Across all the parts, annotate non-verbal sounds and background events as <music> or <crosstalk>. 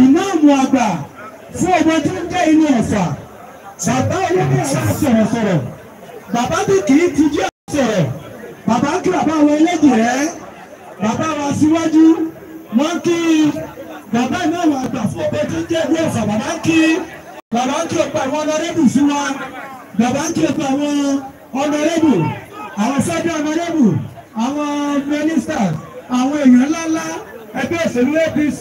ìmáàmù àgbà fún ọmọ tó ń jẹ́ inú ọ̀fà bàbá olóyè àwọn sọ̀rọ̀sọ̀rọ̀ bàbá tó kì í tijú sọ̀rọ̀ bàbá kí bàbá wọn Ẹlẹ́dìrẹ́ bàbá wa síwájú wọ́n kí bàbá ìmáàmù àgbà fún ọmọ tó ń jẹ́ inú ọ̀fà bàbá kí bàbá kí o pa àwọn ọlọ́rẹ́bù fún wa bàbá kí o pa àwọn ọlọ́rẹ́bù àwọn sọ́jà ọlọ́rẹ́bù àwọn mínísítà àwọn èèyàn ńláńlá ẹgbẹ́ òṣèlú APC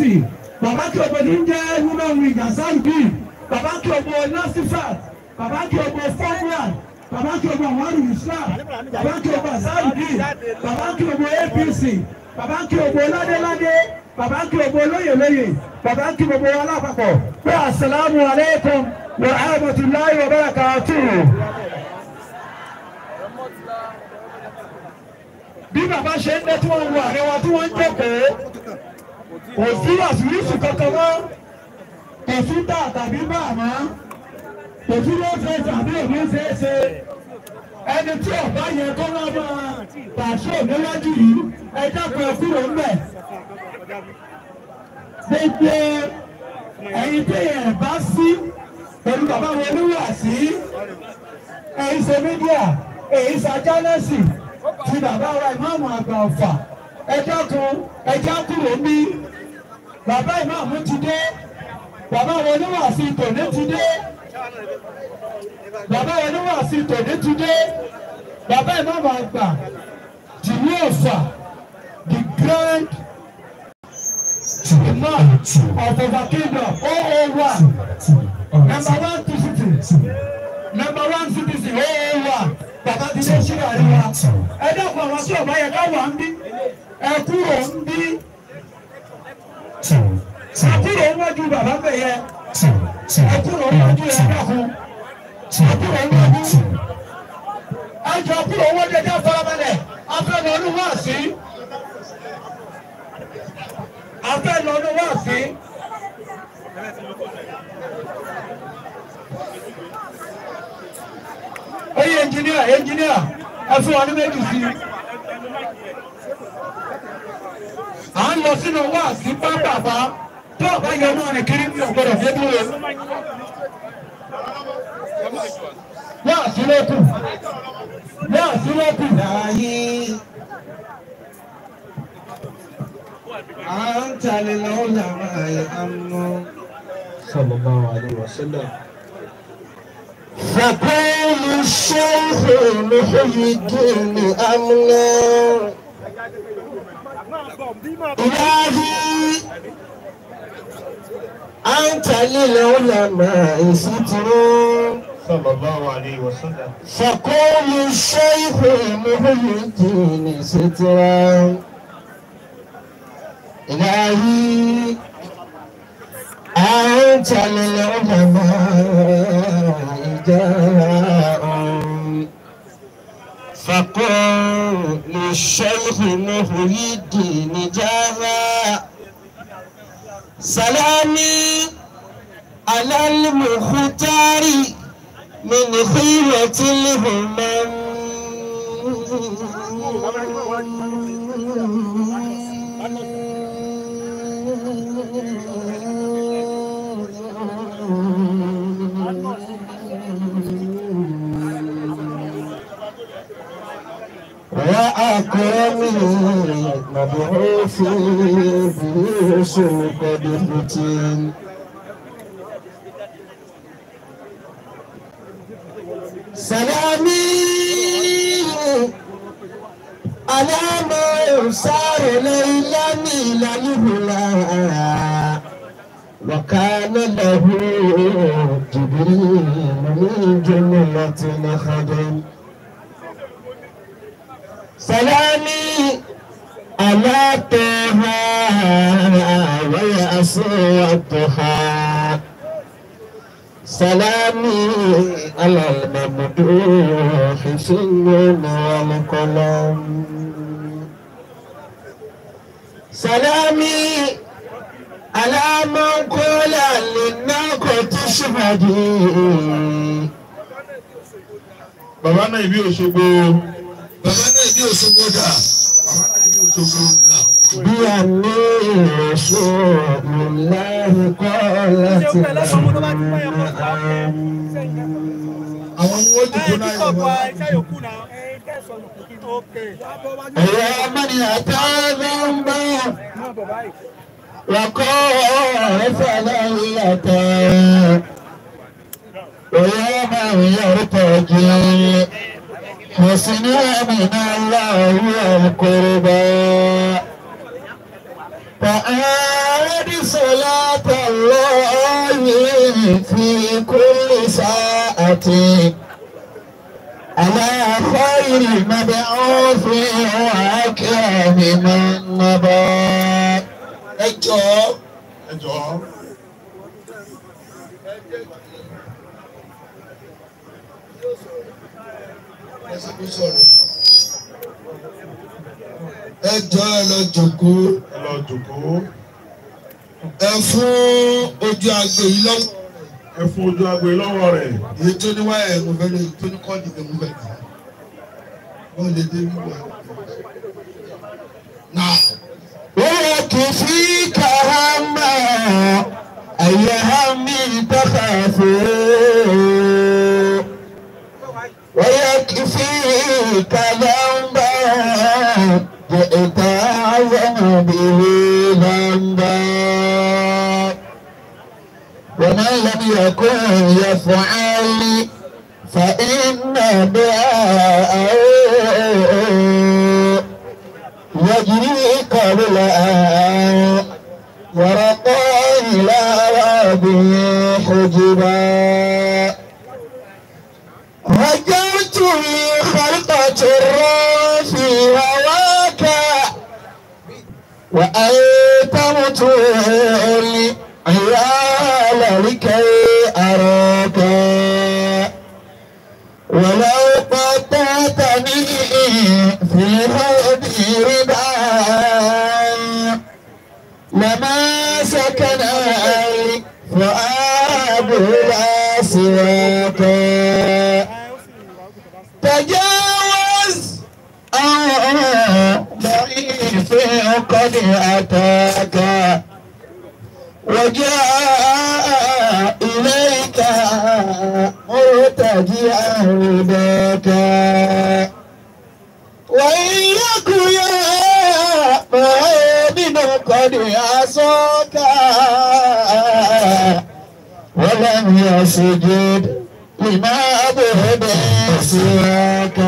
Baba kí ọgbọ ní jẹ́ human wing hasan b baba kí ọgbọ nasifat bàbá kí ọgbọ fọmúlà bàbá kí ọgbọ àwọn islam bàbá kí ọgbọ hasan b bàbá kí ọgbọ apc baba kí ọgbọ ládéládé baba kí ọgbọ lóyèlóyè baba kí ọgbọ alápapọ̀ pé asalaamu aleykum wa rahmatulahi wa barakatuhu. bí bàbá ṣe ń dẹ́ tí wọ́n ń tí wọ́n ń jókòó kò sí wàsíwìsì kankan mọ́ kò sí tà tàbí bà mọ́ kò sí ló ṣe tàbí òní ṣe é ṣe ẹni tí ọba yẹ kó lọ máa pàṣẹ níwájú yìí ẹ dákun ẹ kúrò ńbẹ̀ gbogbo ẹ̀yin tí ẹ bá sí pẹ̀lú bàbá wọn olúwa sí ẹ̀yin ṣe mídíà èyí ṣàjálẹ̀sì ti bàbá wa ìmáàmù àgbà ọ̀fà ẹ dákun ẹ já kúrò ńbí bàbá ìmáàmù ti dé bàbá wọn ní wàásù tòní ti dé bàbá wọn ní wàásù tòní ti dé bàbá ìmáàmù àgbà tìlú Ọ̀fà the grand man of our kingdom OO1 number one citizen number one citizen OO1 bàbá ti dé síra rí wa ẹ dẹ́kun àwọn tí ọba yẹ ká wà ń bí ẹ kúrò ń bí àtúrò níwájú bàbá bẹ̀ yẹ àtúrò níwájú yẹ káàkó àtúrò níwájú àjọ àtúrò owó dẹjẹ farabalẹ̀ afẹnulọ wá sí afẹnulọ wá sí. Oye engineer engineer ẹ fún wa ní méjì sí i. à ń lọ sínú wáàsí pápápá tó ọ̀gá yẹ ọmọ rẹ̀ kiri ní ọ̀gbọ́dọ̀ fi dúró. wáàsí ló kù wáàsí ló kù. فقول الشيخ محي الدين أمنا Ilahi anta lil ulama isitru sallallahu alaihi wasallam. Fakulu shaykhu muhammadin sitra. Ilahi anta lil ulama ijara. فقل للشيخ مهي الدين جارا سلامي على المختار من خيرة الهمم وأكرمي مبعوثي بيوسف قد فتن سلامي على ما يصار ليلا ميلا يهلا وكان له جبريل من جملة خدم سلامي على طه ويا الضحى سلامي على الممدوح سن والقلم سلامي على من قال للناقة تشهدي بابانا يبيو شبو bàbá náà ní Òṣogbo dà bàbá náà ní Òṣogbo dà. bí a ní ìrìnsò ìlànà kọ́ láti bá àwọn ni wọ́n dìbò náà yọ̀ wọ́n. Ẹ̀yà mẹ́ni àtàlẹ́ ń bá Ẹ̀yà mẹ́ni àtàlẹ́ ń حسنا من الله القربى وآل صلاة الله في كل ساعة على خير المبعوث وأكرم النبى. أجو أجو ẹsẹkúsọ rẹ ẹ jọ ẹ lọ jókòó ẹ lọ jókòó ẹ fún ojú agbe yìí lọ́wọ́ ẹ fún ojú agbe lọ́wọ́ rẹ. èyí tó ní wáyà mo fẹ́ lè tó ní kọ́ọ̀dì mi mo fẹ́ lè wọ́n lè dé wíwá. na wọ́n kì í fi kàrá mọ́ ẹ̀yẹ́ mi tọ́ka fún ويكفيك ذنبا جئت به ذنبا ومن لم يكن يفعل فإن بها يجري قبل أن يرقى إلى ربه حجبا وأيتمت العيال لكي أراك ولو قطعتني في قد أتاك وجاء إليك مرتجعا رباك وإن يك يا مؤمن قد عصاك ولم يسجد لما به سواك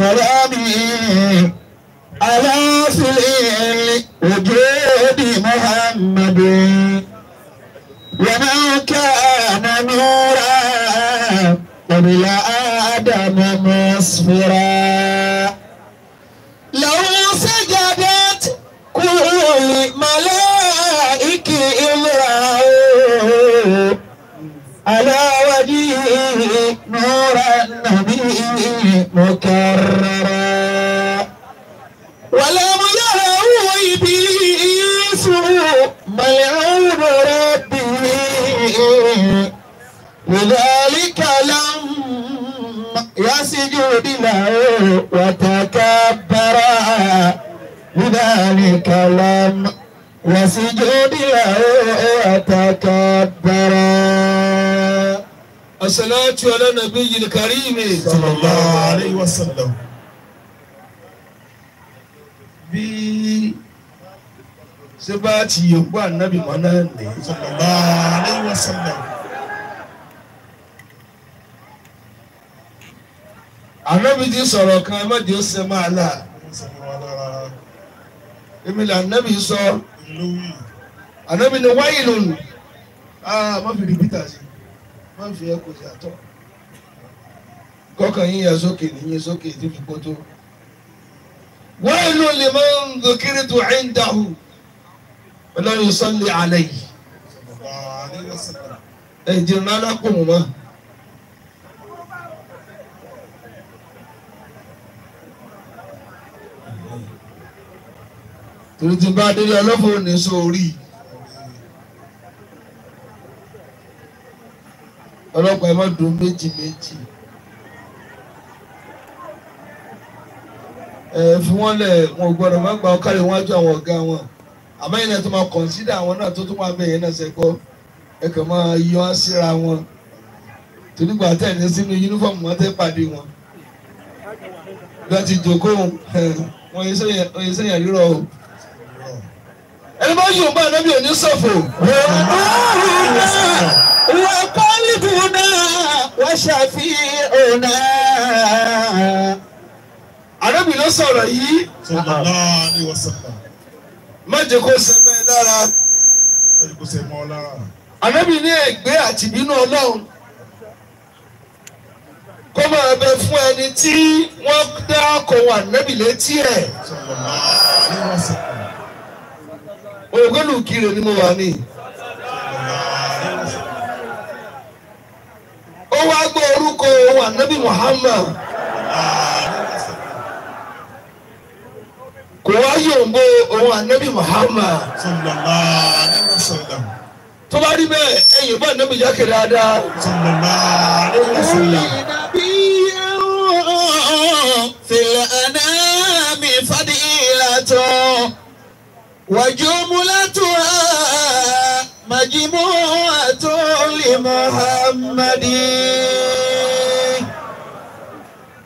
سلامي على سليل وجود محمد وما كان نورا قبل آدم مصفرا له سجدت كل ملائكة امرأة على النبي نور النبي مكررا ولم يره إبليس ملعون ربه لذلك لم يسجد له وتكبر لذلك لم وسجود له وتكبرا as-salatu ala nabiyil karim sallallahu alayhi wa sallam. bí ṣé bá ti yòókù ànábì mọ́ náà ní sallallahu alayhi wa sallam. ànábì ti sọ̀rọ̀ kan ẹ má di ó ṣe máa là èmi là ànábì sọ ànábì ni wáyé lòlù ah má fi rí peter sí má fi ẹ kò yàtọ̀ kọkàn yín ya sókè níyìn sókè tí fi kótó. wailu liman dhukirtu indahu lam yusalli alayhi. ẹ̀jẹ̀ ńlá lákùnrin náà. torí ti bá délé ọlọ́fọ̀ ní sórí. ọlọ́pàá ẹ má dùn méjì méjì ẹ fi wọ́n lẹ̀ wọn ò gbọ́dọ̀ má gba wọn àjọ àwọn ọ̀gá wọn àmọ́ ìyẹn tó máa kọ̀nsídà àwọn náà tó tó máa bẹ̀yẹn náà ṣe gbọ́ ẹ kàn máa yọ síra wọn torí gbà sínú yúnífọ̀mù wọn tẹ́ pàdé wọn bí jòkó wọn yẹ sẹ́yìn rírọ̀ o ẹni bá yóò bá ẹni bí òní وقلبنا وشفيعنا Ànábì ló sọ̀rọ̀ yìí. Má jẹ́ kó ṣe mọ́ ẹ lára. Má jẹ́ kó ṣe mọ́ ọ lára. Ànábì ní ègbé àti ìbínú Ọlọ́run. Kó máa bẹ fún ẹni tí wọ́n dá ọkọ̀wọ̀n ànábì létí ẹ̀. Ògùn lùkìrè ni mo wà ní. ó wá gbọ́ orúkọ òun ànábì Muhammad kò wá yòǹbo òun ànábì Muhammad tó bá rí bẹ́ẹ̀ ẹ̀yìn bá ànábì jákè dáadáa. فالأنام فضيلة وجملتها مجموعة لمها yín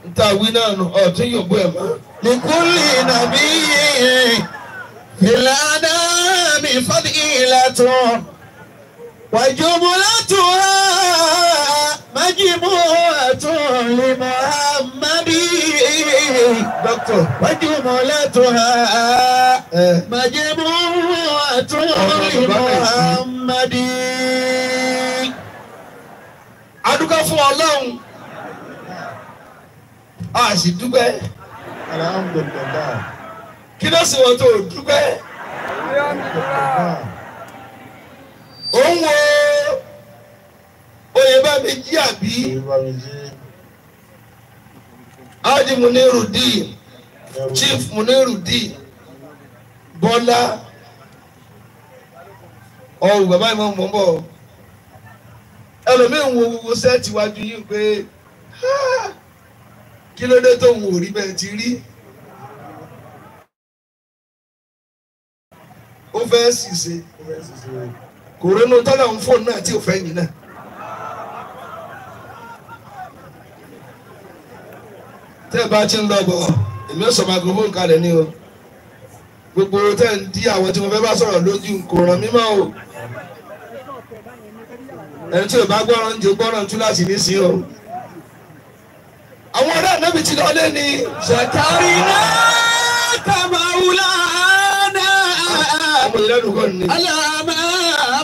níta wí náà nù ọ̀tún yòókù ẹ̀ mọ́. nìkúlì nàbí ìlànà mi fọ́dí ìlàtọ̀ wàjú múlátù ha májìmú àtún lè mọ́ àmàbí. dókítà wàjú múlátù ha májìmú àtún lè mọ́ àmàbí. adúgbò fún ọlọ́run a sì dúpẹ́. alhamdulilayi. kí ló sì wọ́n tó dúpẹ́. òun wo oyè bá mi jí àbí. adi munirudin chief munirudin bọ́lá ọ̀hún bàbá ìmọ̀ mọ́ bọ́. ẹlòmíín wo gbogbo sẹ́ẹ̀tì wájú yìí pé ah, kí ló dé tó ń wò rí bẹ́ẹ̀ ti rí. ó fẹ́ ṣìṣe kò ronú náà tí ò fẹ́ ti ń lọ bọ̀ èmi ni o gbogbo tẹ́ ń dí àwọn tí mo fẹ́ bá sọ̀rọ̀ lójú kò o. ẹni tí ò bá gbọ́rọ̀ ń ju gbọ́rọ̀ ń tú láti ní sí o. àwọn ọ̀rẹ́ ànábì ti lọ ni? ní. ṣàkàrí náà kàmá náà. aláàmà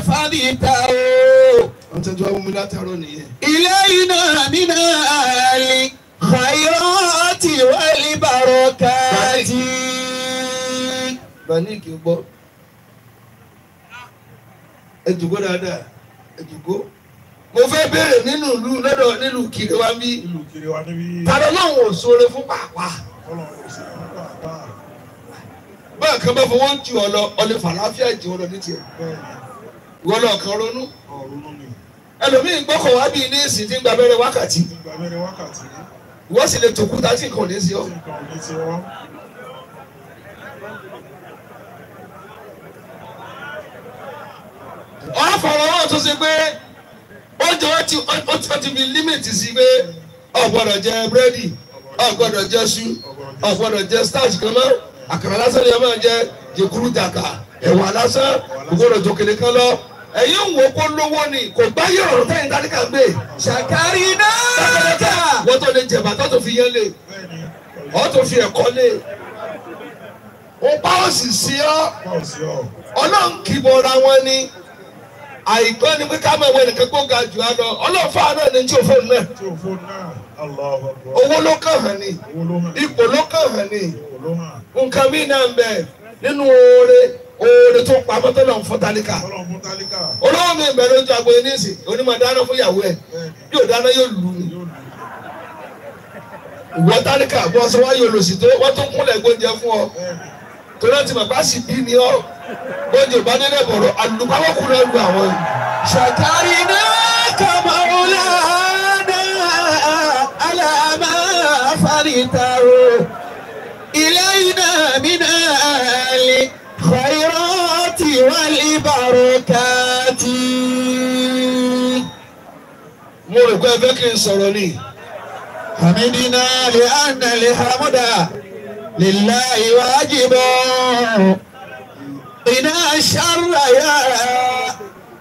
fàdíta o. wọ́n tẹ́jú àwọn látàrọ nìyẹn. ilé iná nínú àlè khayrati wal barakati. bani kì í gbọ́ ẹ dùgbò dáadáa. Èjìgbó mo fẹ́ béèrè nínú ìlú lọ́dọ̀ nílùú kiri wa bí tàbí ọlọ́run ò sóore fún pàpà báà kan bá fọwọ́ ju ọ lọ ọ lè fàlàáfíà ju ọ lọ ní tiẹ̀ ìwọ lọ kan ronú ẹlòmíín gbọ́kọ̀ wá bíi ní ìsìn tí ń gba abẹ́rẹ́ wákàtí ìwọ sì lè tòkúta tí nǹkan ò ní sí ọ. àfọwọ́wọ́ tó ṣe pé oúnjẹ wọn ti ó ti fi límìtì sí pé ọ̀gbọ́dọ̀ jẹ búrẹ́dì ọ̀gbọ́dọ̀ jẹ ṣú ọ̀gbọ́dọ̀ jẹ starch kan mọ́ àkàrà lásán ni ẹ máa jẹ jẹkuru jàkà ẹ̀wà lásán ògbọ́dọ̀ jòkèlè kan lọ ẹ̀yin ń wo kó lówó ni kò bá yọ̀rọ̀ tẹ́yìn tálíkà gbé. ṣàkárí náà. wọ́n tó lè jẹ̀bà tó tó fi yẹn lé ọ́ tó fi ẹ̀kọ́ lé o bá òsì sí ọ́ ọlọ́run kìbọ̀ra wọn ni àìgbọ́ ni pé ká máa wọ ẹnìkan gbóga jù á lọ ọlọ́fà náà ni tí òfò náà owó ló kàn hàn ní ipò ló kàn hàn ní nǹkan mí náà ń bẹ nínú oore oore tó pamọ́ tọ́lọ̀ ń fún tálíkà olówó mi bẹ̀rẹ̀ ojú agbo yẹn nísì onímọ̀ dáná fún ìyàwó ẹ̀ yóò dáná yóò lù ú ni tálíkà bọ́sẹ̀ wá yóò lòsì tó wọ́n tó kúnlẹ̀ gbóúnjẹ fún ọ torí ọtí bàbá sì bí ni ọ bọ́jú bá délé bọ̀rọ̀ alùpàwọ́ kúrò ẹrù àwọn yìí. ṣàtàrí náà kàmá ọ̀la náà àlàmà fàríta o ilé iná mi náà lè khairati wal barakati. mo rò pé ẹ kí n sọ̀rọ̀ ni. hamidina lè ànà lè hamuda. لله واجب بنا الشر يا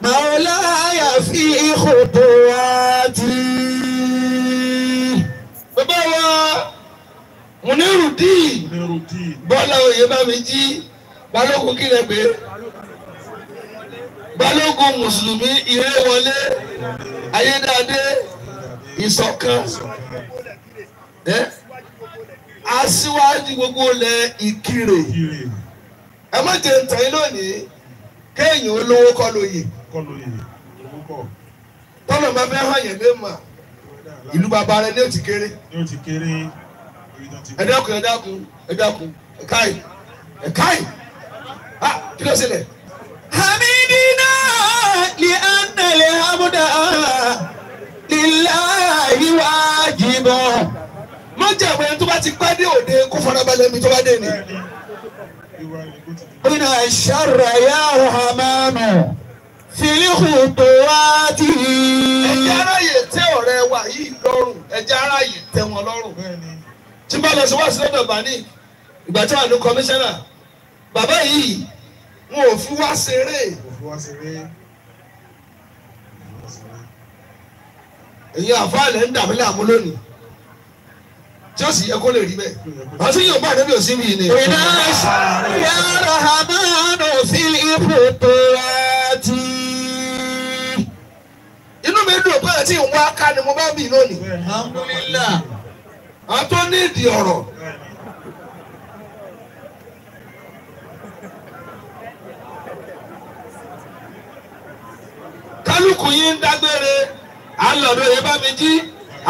مولاي في خطواتي bàbá wa Munirudeen Bọ́lá Oyèbáméjì balógun kí lè pé balógun mùsùlùmí ìrẹ́wọlé ayédáadé ìṣọ̀kan. Eh? aṣíwájú gbogbo ole ìkirè ẹ má jẹ ntàn yín lónìí kéèyàn olówó kọ́ lóye tọ́lọ̀ máa fẹ́ hàn yẹn lé mà ìlú bàbá rẹ ní òtí kéré ẹ dákun ẹ dákun ẹ dákun ẹ káyì ẹ káyì ah, májẹ̀mú ẹni tó bá ti pẹ́ dé òde kó farabalẹ̀ mi tó bá dé ni. Iná ìṣàrà ya Rahmanu fìlíhù tó wá tì í. Ẹ̀jẹ̀ aráyè tẹ́ ọ̀rẹ́ wa yìí lọ́rùn ẹ̀jẹ̀ aráyè tẹ́ wọn lọ́rùn. Tí bá lọ sí wá sí lọ́dọ̀ bani ìgbà tí wà ní kọmíṣánná bàbá yìí wọn ò fi wá ṣeré. Èyí àfáàlẹ̀ ń dàbí láàmú lónìí jọ́sì yẹ kó lè rí bẹ́ẹ̀. wọ́n sì yóò bá àdébí òsín mi ni. iná yàrá hamanu sí ibùdó àti. inú mi dùn bẹ́ẹ̀ tí ń wá ká ni mo bá bì lónìí. alhamdulillah. àwọn tó ní ìdí ọ̀rọ̀. kálukú yín ń dágbére à ń lọ bá mi jí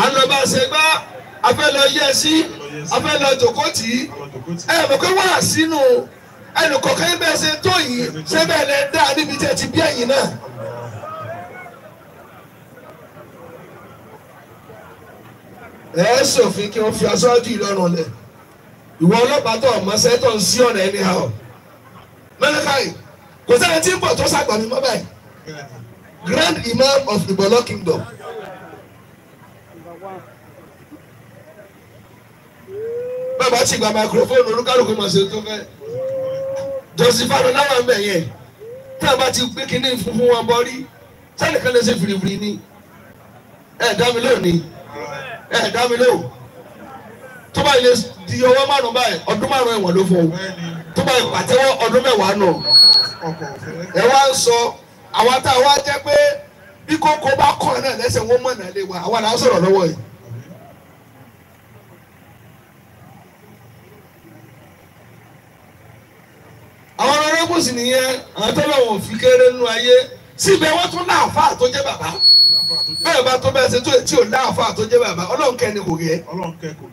à bá ṣe gbá a fẹ́ lọ yẹ sí a fẹ́ lọ jòkó tì í ẹ mọ̀ pé wọ́n á sínú ẹnìkọ̀ọ̀kan bẹ́ẹ̀ ṣe tó yìí ṣé bẹ́ẹ̀ lẹ dá níbi tí ẹ ti bí ẹ̀yìn náà. ẹ ṣòfin kí wọ́n fi aṣáájú ìlọrùn lẹ̀ ìwọ ọlọ́pàá tó ọmọ sẹ́tọ̀ ń sí ọ̀nà ẹni ha ọ̀ mẹ́lẹ́kàì kò sẹ́ni tí ń bọ̀ tó ṣàgbà mọ́ báyìí Grand Imam of Ibolo Kingdom. bàbá ti gba microphone olúkálùkù máa ṣe tó fẹ́ jọsifáàdù láwọn ọmọ ẹ̀yẹ tá a bá ti gbé kínní funfun wọn bọ́rí sẹ́nìkan lè ṣe ni ẹ̀ dá mi lónìí ẹ̀ dá mi lóò tó bá di ọwọ́ márùn-ún báyìí ọdún márùn-ún ẹ̀wọ̀n ló tó bá ọdún mẹ́wàá nù wá ń sọ àwa tá a wá jẹ́ pé bí bá kọ̀ náà lẹ́sẹ̀ wọ́n wa àwa là ń sọ̀rọ̀ lọ́wọ́ àwọn arábùsì nìyẹn àwọn tó lọ́wọ́ òfin kéré nínú ayé síbẹ̀ wọ́n tún láàfà tó jẹ́ bàbá bẹ́ẹ̀ bá tó ṣe tó tí ò láàfà tó jẹ́ bàbá ọlọ́run kẹ́ ni kò yẹ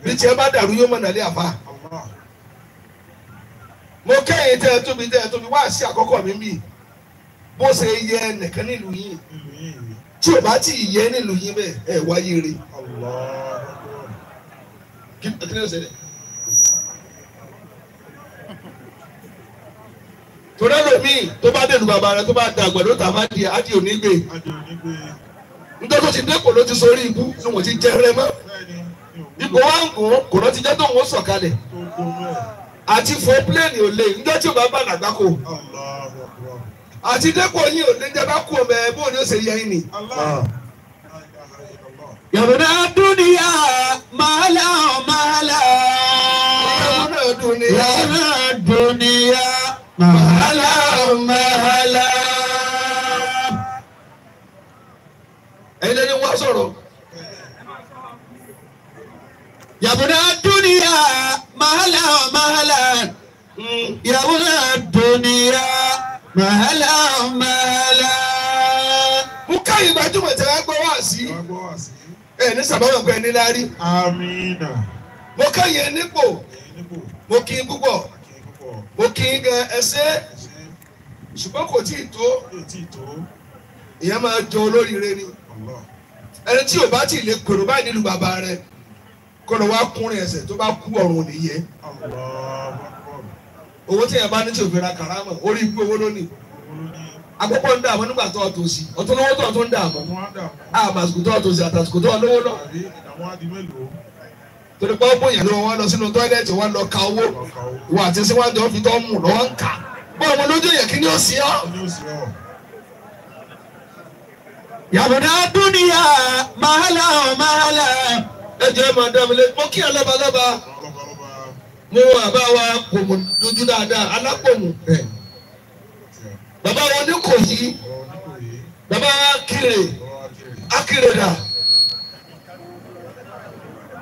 bí tiẹ̀ bá dàrú yóò mọ̀ nàlẹ́ àfà. mo kẹ́yìn tẹ́ ẹ tóbi tẹ́ ẹ tóbi wá sí àkọ́kọ́ mi bó ṣe yẹ nìkan nílùú yìí tí ò bá tí ì yẹ nílùú yìí bẹ́ẹ̀ wáyé kí ni ó ṣe dẹ́. torí ẹlòmíì tó bá dẹnu bàbá rẹ tó bá da àgbàdo tàbá di adi onígbè tó ti dẹ́kun ló ti sórí ibú ni wọ́n ti jẹ́ rẹ mọ́ ipò wa ń gùn kò jẹ́ tó ń sọ̀kalẹ̀ àti pílẹ̀nì ò lè tí o bá àti dẹ́kun ah. yìí Mahala mahala. Ẹyin lẹni wá sọ̀rọ̀. mahala mahala. Yàbùnà dúnìyà mahala mahala. Mo ká ìgbàjúmọ̀ tí wọ́n gbọ́ wá sí. Ẹ ní sàbáwọ̀ pé ẹni lárí. Mo ká yẹn nípò. Mo kí n púpọ̀ mo kì í gan ẹsẹ̀ ṣùgbọ́n kò tí ì tó ìyẹn máa jọ olóríire ni ẹni tí o bá tì lè kòrò báyìí nílùú bàbá rẹ kọlọ wa kúnrin ẹsẹ̀ tó bá kú ọrùn òní yẹ owó tí yẹn bá ní tí o fi ra karama orí ikú owó lónìí agbọ́pọ̀ ń dààmú nígbà tó ọ̀tọ̀ sí ọ̀tọ̀ lọ́wọ́ tó ọ̀tọ̀ ń dààmú àmàsùkù tó ọ̀tọ̀ sí àtàsùkù tó ọ̀lọ́wọ́ náà torí pé ó bóyá ló wọn lọ sínú tọ́ílẹ̀tì wọn lọ ka owó ìwà àti síwájú wọn fi tọ́ mú lọ́wọ́ ń kà bọ́ọ̀ mo lójú yẹ kí ni ó sì ọ́. yàbọ̀dá dúnìyà màhálà màhálà ẹjọ́ ẹ̀ máa dábìlẹ̀ mo kí ẹ lọ́ba lọ́ba mo wà bá wa kòmù dúdú dáadáa alákòmù bàbá wọn ní kò yí bàbá kiri akiri dáa.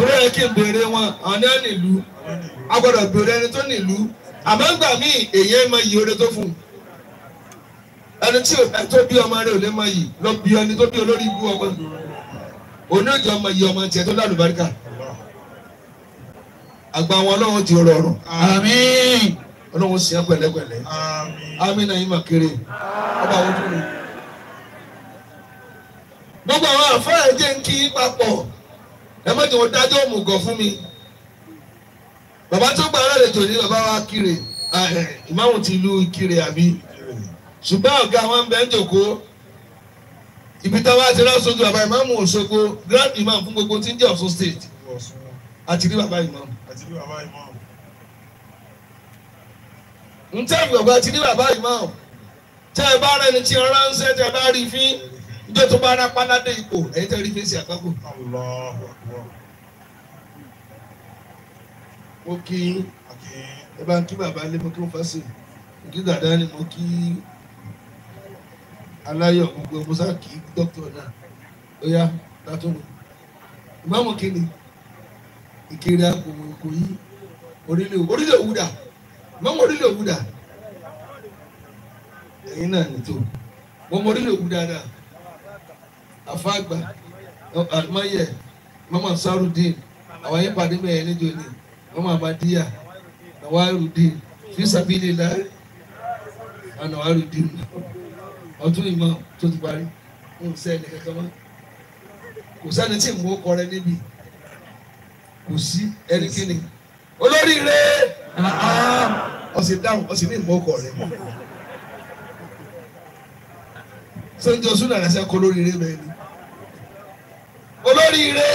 torí ẹ kí n béèrè wọn àwọn ní wọn nílùú a gbọ́dọ̀ béèrè ẹni tó nílùú àmọ́ ń gbà mí èyí ẹ mọ iye oore tó fún un ẹni tí ẹ tó bí ọmọ rẹ ò lè mọ yìí lọ bí ẹni tó bí olórí ibú ọmọ òní ìjọ ọmọ yìí ọmọ tiẹ̀ tó dá lùbáríkà àgbà wọn Ọlọ́run ti rọrùn àmín Ọlọ́run sì ẹ pẹ̀lẹ́pẹ̀lẹ́ àmín náà yín mà kéré ọba àwọn tó lù gbogbo àwọn àfọ ẹ̀jẹ̀ ń kí papọ̀ ẹ má jẹ́ wọ́n dájọ́ òmùgọ̀ fún mi bàbá tó gba ara rẹ̀ tò ní bàbá wa kiri eh, eh, ìmáàmù ti lu kiri àbí ṣùgbọ́n ọ̀gá wọn bẹ́ẹ̀ ń jòkó ibi táwa ti rán sojú bàbá ìmáàmù Òṣogbo grand imam fún gbogbo tí ń jẹ́ Ọ̀ṣun state àti rí bàbá ìmáàmù. ń tẹ́ ìgbàgbọ́ àti rí bàbá ìmáàmù tẹ́ ẹ bá rẹ̀ ní tí ọ ránṣẹ́ tẹ́ ẹ bá rí fín ìjọ tó bá rápá ládé ipò ẹ̀yìn tẹ́ rí fèsì àkọ́kù. mo kí ẹ bá ń kí bàbá lé mo kí wọn fásì mo kí dàdá ni mo kí aláyọ̀ gbogbo mo sá kí dókítà náà ó yá látọ̀nù ìmáàmù kìíní ìkiri àgbòmò kò yí orílẹ̀ orílẹ̀ òwúdà ìmáàmù orílẹ̀ òwúdà ẹ̀yin náà nìtò mo mọ orílẹ̀ òwúdà náà afagba alimayẹ mama sarudin àwọn yẹn pàdé mẹyẹ níjọ ni mama amadiya nawarudin fisabili la nawarudin ọtún ìmọ̀ tó ti parí ń sẹ́ni kankan mọ́ kò sẹ́ni tí mò ń kọrẹ níbi kò sí ẹnikẹ́ni olóríire ọ̀sìn dáhùn ọ̀sìn ní mò ń kọrẹ sọ́jọ́ súnà lẹ́sẹ̀ kọ́ lóríire bẹ́ẹ̀ ni olóríire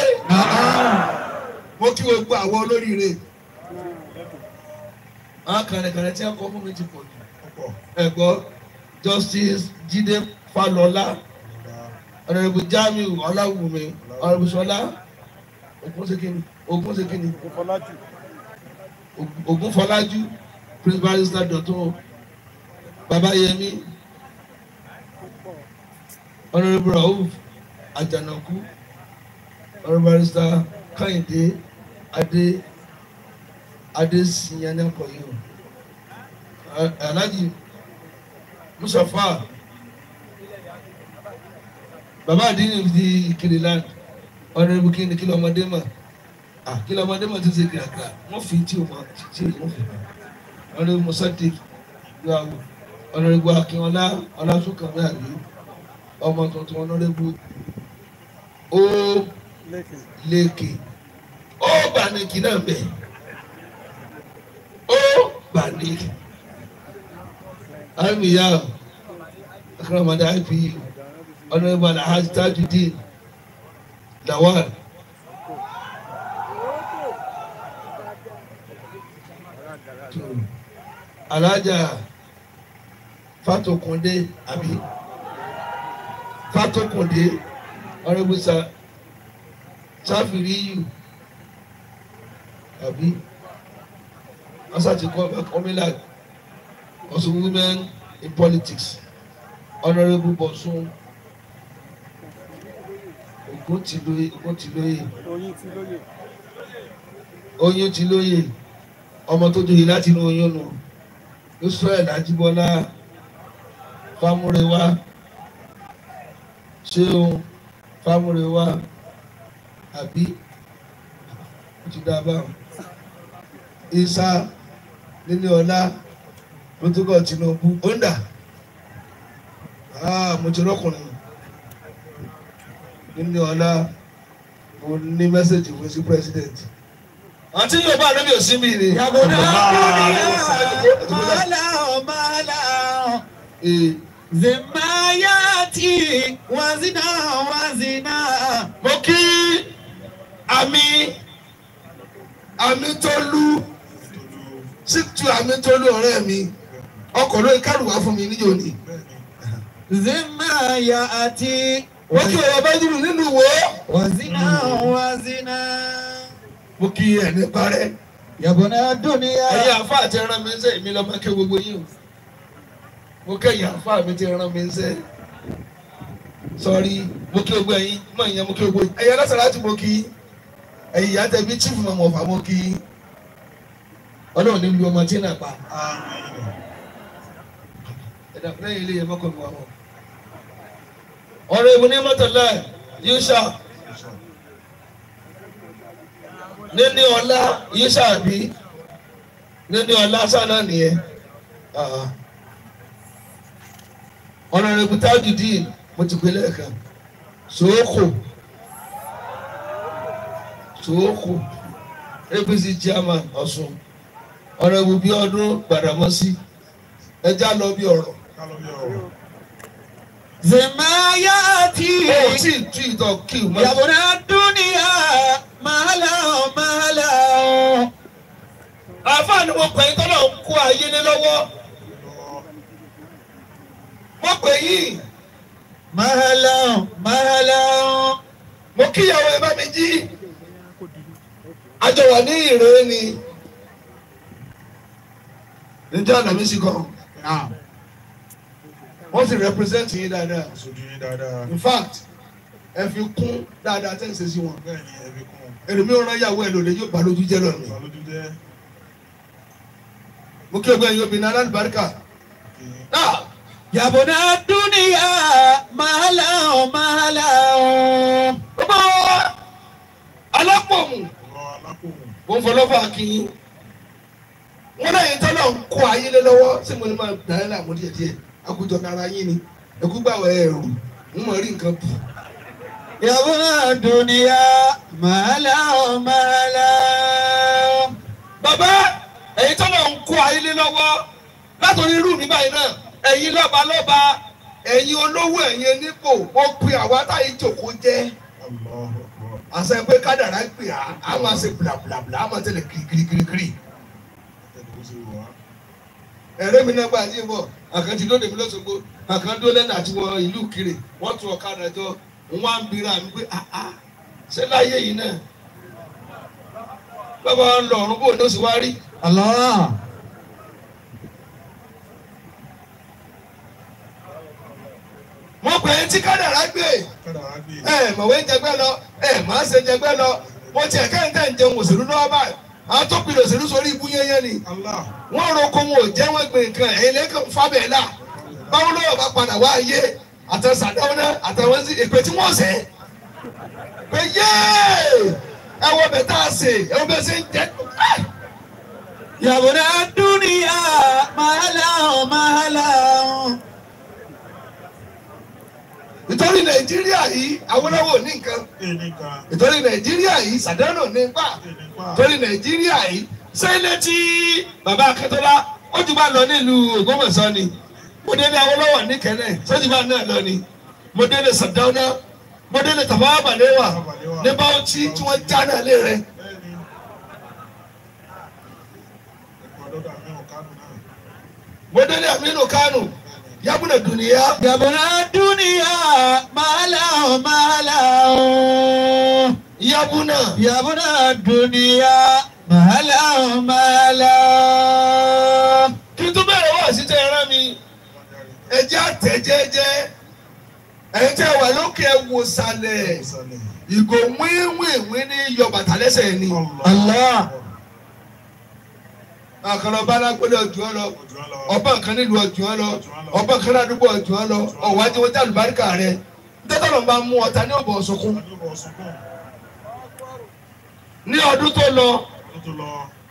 mo kí gbogbo àwọn olóríire àwọn kàrẹ̀kàrẹ̀ tí wọ́n kọ́ fún mi ti pọ̀ jù ẹ̀gbọ́ Justice Jídé Fálọlá ọ̀nàdìbò Jamiu Ọláwùmí ọ̀nàdìbò Ṣọlá Ògúnṣekínì Ògúnṣekínì Ògúnfọlájú Prince Barrister Dọ̀tún Babayẹmí ọ̀nàdìbò Rauf Ajanaku ọ̀rọ̀barista káyìndé adé adéṣiyẹn ẹ̀kọ́ yìí uh, o alhaji mustapha baba adini di ìkiri land ọ̀rẹ́bù kí ni ah, kí lọ́mọdé mà kí lọ́mọdé mà tó ṣe gàgà wọ́n fi tí o mọ̀ tí o mọ̀ ọ̀rẹ́bù musadé yàwó ọ̀rẹ́bù akínọlá ọlátúnkànmí àlè ọmọ tuntun ọ̀rẹ́bù ó lẹ́kẹ̀ ó bàníkì náà bẹ̀ ó bàníkì àmì ìyá akọ̀rọ̀mọdé àìpì ọ̀nà ìbàdàn àti tajudeen Lawal. alájà fatokunde àbí fatokunde ọ̀rẹ́bùsà sáfìrí yù àbí asati kọmílà ọsùn women in politics honourable bọ̀sùn ògùn ti lóye ògùn ti lóye oyún ti lóye ọmọ tó joyè láti inú oyún nù Israel Ajíbọ́lá Fámúrewá ṣéun Fámúrewá àbí ó ti dá báwọn isa nílé ọlá mọtòkọ Tinubu onda aa ah, mo ti rọkùnrin nílé ọlá mo ní mẹsàgì fún sí president àti yorùbá lóbi òsì mi ni. yàgò náà kúrò mọ́lá mọ́lá eh. zimbayati wazina wazina. mo àmì àmìtọ́lú sítú àmìtọ́lú ọ̀rẹ́ mi ọkọ̀ lórí kárùwá fún mi níjó ni. zimaya àti. wọ́n kí ọ̀rọ̀ bá dúró nínú wo. wàzínà wàzínà. mo kí ẹ̀ ní parẹ́. yàbọ̀nà dúnìyà. ẹ̀yin àfa àti ẹran mi ń sẹ́ èmi lọ́mọ kí gbogbo yín o. mo kẹ́yìn àfa mi ti ẹran mi ń sẹ́ sọ́ọ́rí mo kí gbogbo ẹ̀yin mọ̀ ìyẹn mo kí gbogbo ẹ̀yin ẹ̀yin alásàlá ti mo kí ẹ̀yin ìyá tẹ̀bí chief mọ̀mọ́ ọ̀fà mọ́ kí ọlọ́run ní lu ọmọ tí náà pa ẹ̀dá fúlẹ́yìn ilé yẹn mọ́kànlú wa mọ́. ọ̀rọ̀ ìbùn ní mọ́tòlá yíṣà níní ọlá yíṣà bí níní ọlá sánà nìyẹn ọ̀rọ̀ ìbùn tájù díì mo ti gbé lẹ́ẹ̀kan sòókò. So, Tòókù APC chairman Ọ̀ṣun Honorable Bíọ́dún Gbàdámọ́sí ẹja lọ bí ọ̀rọ̀. Zèmáyà ti rè. O ti tu ìtọ̀ kí o máa. Yàwòrán dúnìyà màálà ọ̀ màálà ọ̀. Àfáà ni mo pè é tọ́lọ̀ ń kó ayé ní lọ́wọ́. Mo pè yìí. Màálà ọ̀ màálà ọ̀. Mo kíyàwó ẹ bá mi jí àjọ wà ní ìrè ni níjẹ́ àdàmí sí kan wọ́n sì represent yín dáadáa in fact ẹ fi kún dáadáa tẹ́ ń ṣe sí wọn ẹlòmí ọ̀rọ̀ yàwó ẹ̀ lòdì yóò bá lójú jẹ́ lọ́nà mo kí ẹgbẹ́ yóò bí ní alábàárìkà. yàbọ̀ náà dúnìyà màálà ọ̀ màálà ọ̀. alápòmù mo ń fọlọ́fà kí yín wọn náà yẹn tọ́lọ̀ ń kó ayé lé lọ́wọ́ sí mo ní máa dàrẹ́ làmú díẹ̀ díẹ̀ àkójọ nara yín ni ẹkú gbàwọ̀ ẹ̀rù ń mọ̀ rí nǹkan bù. ìyàwó àdùnníyà màálà màálà. bàbá ẹ̀yin tọ́lọ̀ ń kó ayé lé lọ́wọ́ látòrí irú mi báyìí náà ẹ̀yin lọ́ba lọ́ba ẹ̀yin olówó ẹ̀yin nípò ó pe àwa táyé jòkó jẹ́ àṣẹ pé kádàrá ń pè á á máa ṣe bìlàbìlàbìlà á máa tẹ̀lé kirikirikiri. ẹ̀rẹ́ mi náà gbà yín bọ̀ àkàntì lóde mi lọ́sọ̀gbó àkàndó lẹ́nu àti wọn ìlú kiri wọ́n tún ọ̀kadà jọ wọ́n á ń bira mi pé àá ah, ah, ṣé láyé yìí náà. bàbá ń lọ ọ̀run bò ní oṣù wa rí. Allah. mo pè ti kadara kádàrá gbé ma mọ̀wé jẹgbẹ́ lọ ẹ ma ṣe jẹgbẹ́ lọ mo tiẹ̀ kẹ́ńtẹ́ ń jẹun òṣèlú lọ́wọ́ báyìí òṣèlú sórí ibú yẹnyẹn ni wọ́n roko wọn ò jẹ́ wọ́n nǹkan èlé fábẹ́ là báwo bá padà wá àtẹ̀wọ́n sí tí wọ́n wọ bẹ tá a ìtorí nàìjíríà yìí awolowo ní nǹkan ìtorí nàìjíríà yìí sàdánù ní pa ìtorí nàìjíríà yìí sẹ́nẹ́tì bàbá akẹ́tọ́lá ó ti bá lọ nílùú ògbómọ̀ṣọ́ ni mo délé awolowo ní kẹ́lẹ́ sọ́jú bá náà lọ ni mo délé sàdánù mo délé Tafawa Balewa ní Bauchi tí wọ́n já náà lé rẹ̀. mo délé Aminu Kano yabuna duniya. yabuna duniya maala o yabuna. yabuna duniya maala o maala o. kí n tún bẹ̀rẹ̀ wá sí tẹ ẹran mi ẹjẹ́ àtẹ̀jẹ́jẹ́ ẹ̀yin tẹ́ wà lókè ẹ̀wò sàlẹ̀ ìgò wíwìwì ní yọ bàtà lẹ́sẹ̀ ni. Allah. Allah àkànlọ balagbọdọ jù ọ lọ ọba nǹkan nílùú ọjù ọ lọ ọba nǹkan ládùúgbò ọjù ọ lọ ọwájú wọn jálù báríkà rẹ tẹtọrọ bá mú ọta ní ọbọ ọsọkún ní ọdún tó lọ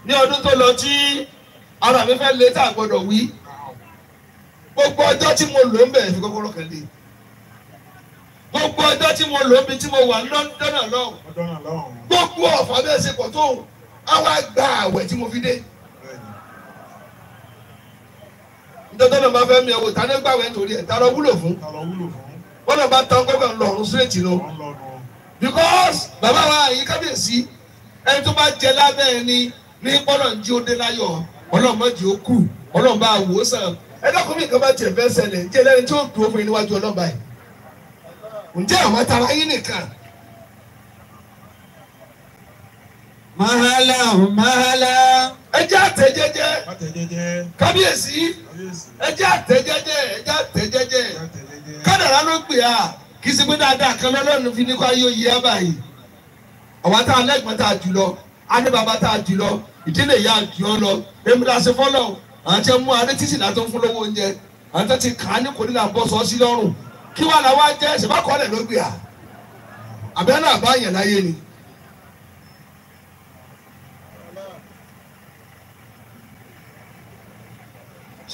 ní ọdún tó lọ tí ara mi fẹ́ lé tá a gbọdọ̀ wí gbogbo ọjọ́ tí mo lò ń bẹ̀ fi kọ́kọ́rọ́ kan lé gbogbo ọjọ́ tí mo lò ń bi tí mo wà lọ́dọ̀nà lọ́hùn gbogbo ọ̀fà bẹ́ẹ̀ ṣe pọ̀ tóun àwa gba àwẹ̀ tí mo fi dé. nítorí ọ̀nà máa fẹ́ mi ẹ̀wò tani gbàwé nítorí ẹ̀ tani wúlò fún wọn lọ bá tán gbọ́dọ̀ lọ ọ̀run sílẹ̀tì lọ because bàbá wa yìí kábíyèsí ẹni tó bá jẹ lábẹ́ ẹni ní gbọ́dọ̀ ń jí ó dé láyọ̀ ó kù kan bá tiẹ̀ fẹ́ ǹjẹ́ lẹ́ni tí ó dúró fún yín níwájú mahala mahala. ẹ jẹ́ àtẹ̀jẹ́jẹ́ kábíyèsí ẹ jẹ́ àtẹ̀jẹ́jẹ́ ẹ kádàrá ló gbé a kì í ṣe dáadáa kan lọ́lọ́run fi ní kó ayé òye ẹ báyìí àwa tá a lẹ́gbọ̀n tá a jù lọ adé bàbá tá a lọ ìdílé ìyá jù ọ lọ èmi adé títì ń fún oúnjẹ ti ní sọ sí lọ́rùn kí wàá làwọn a láyé ni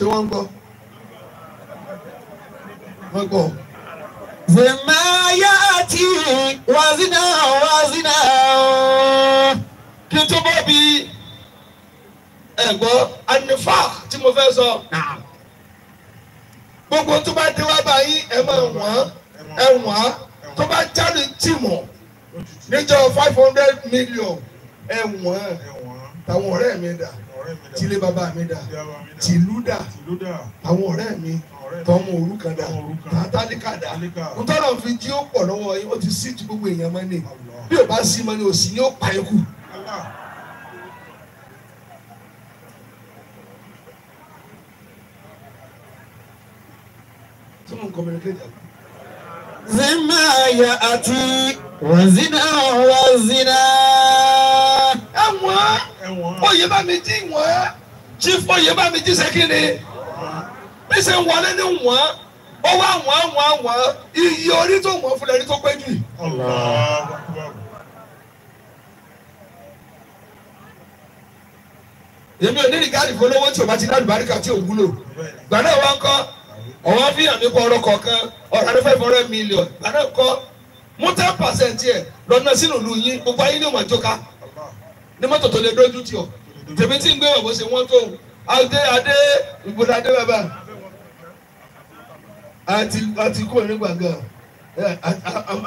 ṣé wọ́n ń gbọ́? wọ́n gbọ́. Zèmáyà àti wàzínà wàzínà kí n tó bọ́ bí ẹ̀gbọ́ anífà tí mo fẹ́ sọ. Gbogbo tó bá dé wá báyìí ẹ máa wọ̀n ẹ tó bá jáde tì mọ̀ níjọ́ five hundred million ẹ wọ̀n táwọn ọ̀rẹ́ mi dà tílé bàbá mi dà tìlú dà àwọn ọ̀rẹ́ mi tọmọ òrukàn dà tàtàlíkà dà ntọ́nà fi jí ó pọ̀ lọ́wọ́ yìí ó ti sí ti gbogbo èèyàn mọ́ bí o bá sí mọ́ ni òsì ni ó pa ikú. Someone communicate that. Zima ya ati wazina wazina ẹ̀wọ̀n Oyèbáméjì wọ́n Chief Oyèbáméjì sẹ́kìnì bí ṣe ń wọlé ní wọ́n ó wá wọ́n wọ́n wọ́n iye orí tó wọ́n fúnlẹ̀ rí tó pé jù. èmi ò ní rìgáàdì polówó tí o bá ti dá àlùbáríkà tí o wúlò gbàdá wa ń kọ́ ọ̀wọ́n fi hàn mí kọ́ ọ̀rọ̀ kọ̀ọ̀kan ọ̀rọ̀ àdó five hundred million gbàdá kọ́ mú ten percent yẹ lọ́nà sínú ìlú yín gbogbo ayé ni ó máa jókàá ní mọ́tò tó lè dójú tì ọ́ tèmi tí ń gbé ọ̀bọ̀ ṣe wọ́n tó adé adé ìbòdà adé bàbá àti àti kúrò ní gbàngàn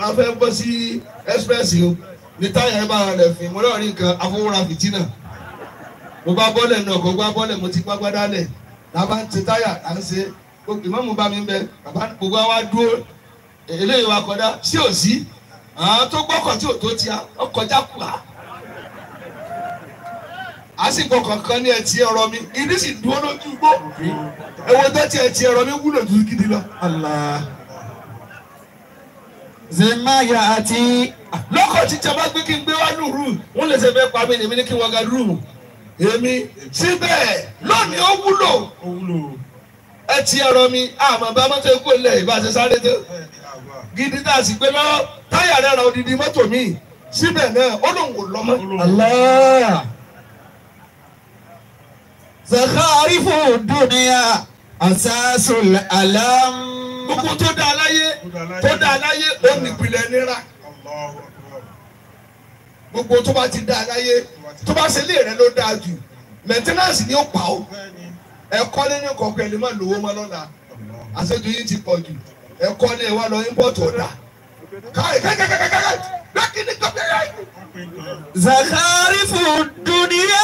a fẹ́ bọ́ sí express o ní táyà ẹ bá rẹ̀ fín mo náà rí nǹkan afọwọ́ra fìtínà mo bá bọ́lẹ̀ náà kò gbá bọ́lẹ̀ mo ti gbá gbádá lẹ̀ làbá ń ti táyà à ń ṣe ìmọ̀mù bá mi bẹ bàbá gbogbo àwa dúró eléyìí wa kọjá sí òsì àwọn tó gbọ́kọ̀ tí ò tó ti ọkọjá kù á àsìkò kankan ní ẹtì ẹ̀rọ mi ìdí sì dúró lójú igbó ewo tẹ́tì ẹtì ẹ̀rọ mi wúlò ju gidi lọ. zemaya àti. lọ́kọ̀ tí jama gbé kí n gbé wá ní rúù wọ́n lè ṣe fẹ́ pa mí nìmi ní kí wọ́n ga rúù èmi síbẹ̀ lónìí ó wúlò ẹtì ẹ̀rọ mi àmọ́ bá mọ́tò ikú ilẹ̀ ìbá ṣe sáré tó gidi tá a sì gbé lọ́wọ́ táyà rẹ̀ ra odidi mọ́tò mi síbẹ̀ náà ó lóun kò lọ́mọ́ sàkárìfò dúnìyà àṣàṣù àlám. gbogbo tó dá aláyé tó dá aláyé ó nìpìlẹ̀ nira gbogbo tó bá ti dá aláyé tó bá ṣe lé rẹ ló dáa jù mẹtẹnánsì ni ó pa ó ẹ̀kọ́ nínú kọ̀ọ̀kan ẹni máa lówó máa lọ́la àṣejù yìí ti pọ̀ jù ẹ̀kọ́ ni ẹ lọ import ọ̀dà káyì kẹ́kẹ́kẹ́kẹ́kẹ́ lọ́kì ní kọ́kẹ́rẹ́. zakari fún dunuya.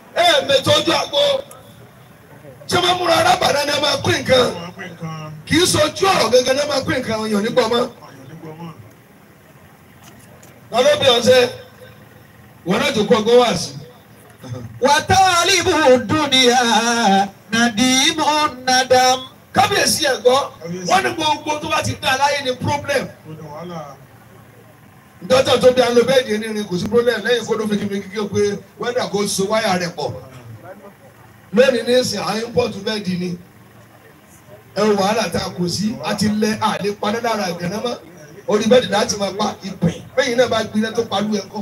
ẹ̀ẹ̀mẹ̀tọ́ ojú àgbo ṣé máa múra arábàdàn ni a máa nǹkan kì í sojú ọ̀rọ̀ gangan ni a máa nǹkan ọ̀yàn nígbà ọmọ. lọ́dọ̀ bí ọ̀sẹ̀ wọn náà tó kọ́ ọgbọ́n wàtá alibu dunia nadimu nadam. kábíyèsí ẹ̀gọ́ wọ́n ní gbogbo tó bá ti dá aláyé ni problem. dọ́tà tó bí alo bẹ́ẹ̀dì nírin kò sí problem lẹ́yìn kó ló fi kíbi kíkẹ́ pé wẹ́dà kó so wáyà rẹ̀ pọ̀ lónìí ní sìn àwọn ni wàhálà tá a kò sí àti lẹ àlè lára láti máa pa ìpín bẹ́yìn náà bá gbiná tó palú ẹ̀kọ́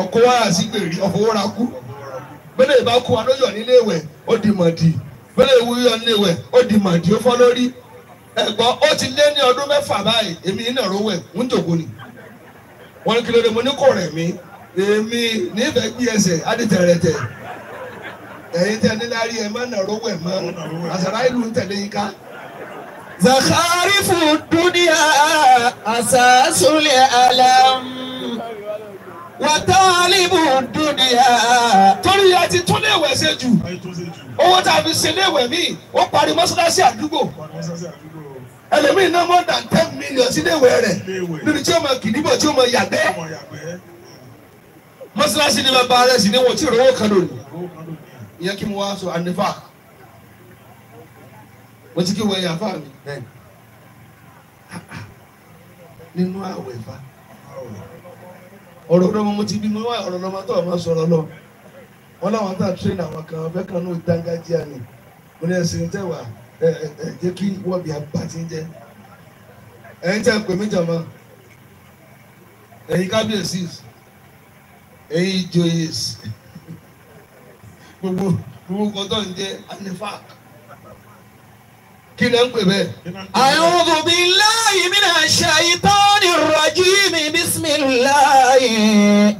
ọkọ wáyà sí gbèrè ọ̀fọwọ́ra kú bẹ́ẹ̀ bá kú wa nílé ìwẹ̀ ó di mọ̀dì bẹ́ẹ̀ wúyọ̀ ẹ̀gbọ́n ó ti lé ní ọdún mẹ́fà báyìí èmi iná rówó ẹ̀ ń tògo ni wọ́n ní kí ló ní kò rẹ̀ mí èmi nífẹ̀ẹ́ gbé ẹsẹ̀ adìtẹ̀rẹ̀tẹ̀ ẹ̀yin tẹ̀ ní lárí ẹ̀ mọ́ náà rówó ẹ̀ àṣàrà ìlú ń tẹ̀lé ká. zakari fún dúníà àṣàṣùlẹ̀ alam wàtálìbù dúníà. torí a ti tún léèwẹ̀ ṣe jù owó tá a fi ṣe léèwẹ̀ míì ó parí mọ́ṣáláṣí àdúgbò ẹlòmíì náà more than ten million sí léwé rẹ̀ nínú tí ó máa kìdíbọ̀ tí ó máa yàgbẹ́ mọ́sálásí ni bàbá rẹ̀ sì ni wọ́n ti rówó kan lónìí ìyẹn kí mo wá sọ ànífà mo ti kí wọ ẹyà fáà mi bẹ́ẹ̀ nínú àwẹ̀ fa ọ̀rọ̀ ọ̀rọ̀ mo ti bí mo wá ọ̀rọ̀ lọ́mọ tó ọmọ sọ̀rọ̀ lọ wọn láwọn tá a train àwọn kan ọ̀fẹ́ kan náà dáńgájíà ni mo ní ẹ̀sìn tẹ́wàá ẹ ẹ jẹ́ kí wọ́ọ̀bì àbàtì ń jẹ́ ń jẹ́ pè mí jàmá kábíyèsí ẹ̀yin ìjòyè gbogbo gbogbo kọ́tọ́ ń jẹ́ anifak kí lẹ́ ń pè bẹ́ẹ̀. A'udhu billahi minash shaitani rrajim bismillahi.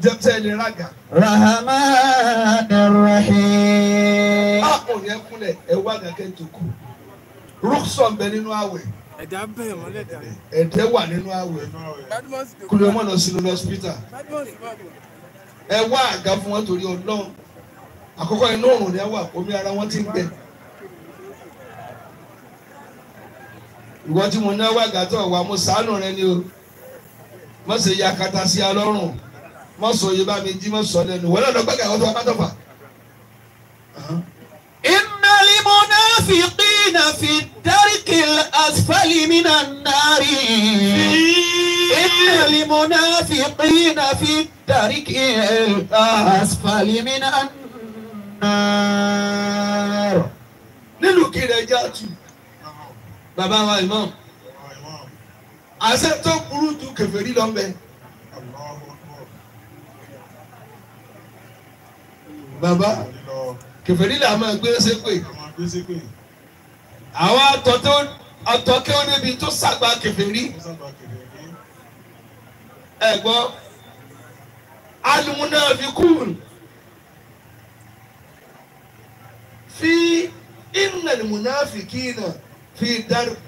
jẹ́pẹ́ lè rága. Rahmanir Rahim. a kò yẹ kúnlẹ̀ ẹ wá gàkẹ́ tó kù rúkṣọ̀ ń bẹ nínú àwẹ̀ ẹ̀dá bẹ̀rẹ̀ wọ́n lẹ́dá. ẹ̀dá wà nínú àwẹ̀ kúlẹ̀ ọmọ lọ sínú lọ́sípítà ẹ wá àga fún wọn torí ọlọ́run àkọ́kọ́ inú òrùn ni ẹ wà omi ara wọn ti ń gbẹ. ìwọ tí mo ní ọwọ́ àgàtọ̀ wà mo ṣàánú rẹ ni o má ṣe ya kata sí alọ́run má sọ yé bá mi jí má sọ lẹ́nu wọ́n lọ́dọ̀ gbẹ́gà ọ̀tọ̀ abátọ̀fà innal munafiqina fi darkil asfali minan nari. innal munafiqina fi darkil asfali minan nari. nínú kiri ẹja tù bàbá wa imam àṣẹ tó burú ju kèfèrí lọ́nbẹ. bàbá kèfèrí là máa gbé ṣépè àwọn àtọ̀ kí wọ́n níbi tó sàgbà kèfèrí ẹ gbọ́ alimunafikun fi inna alimunafikina fi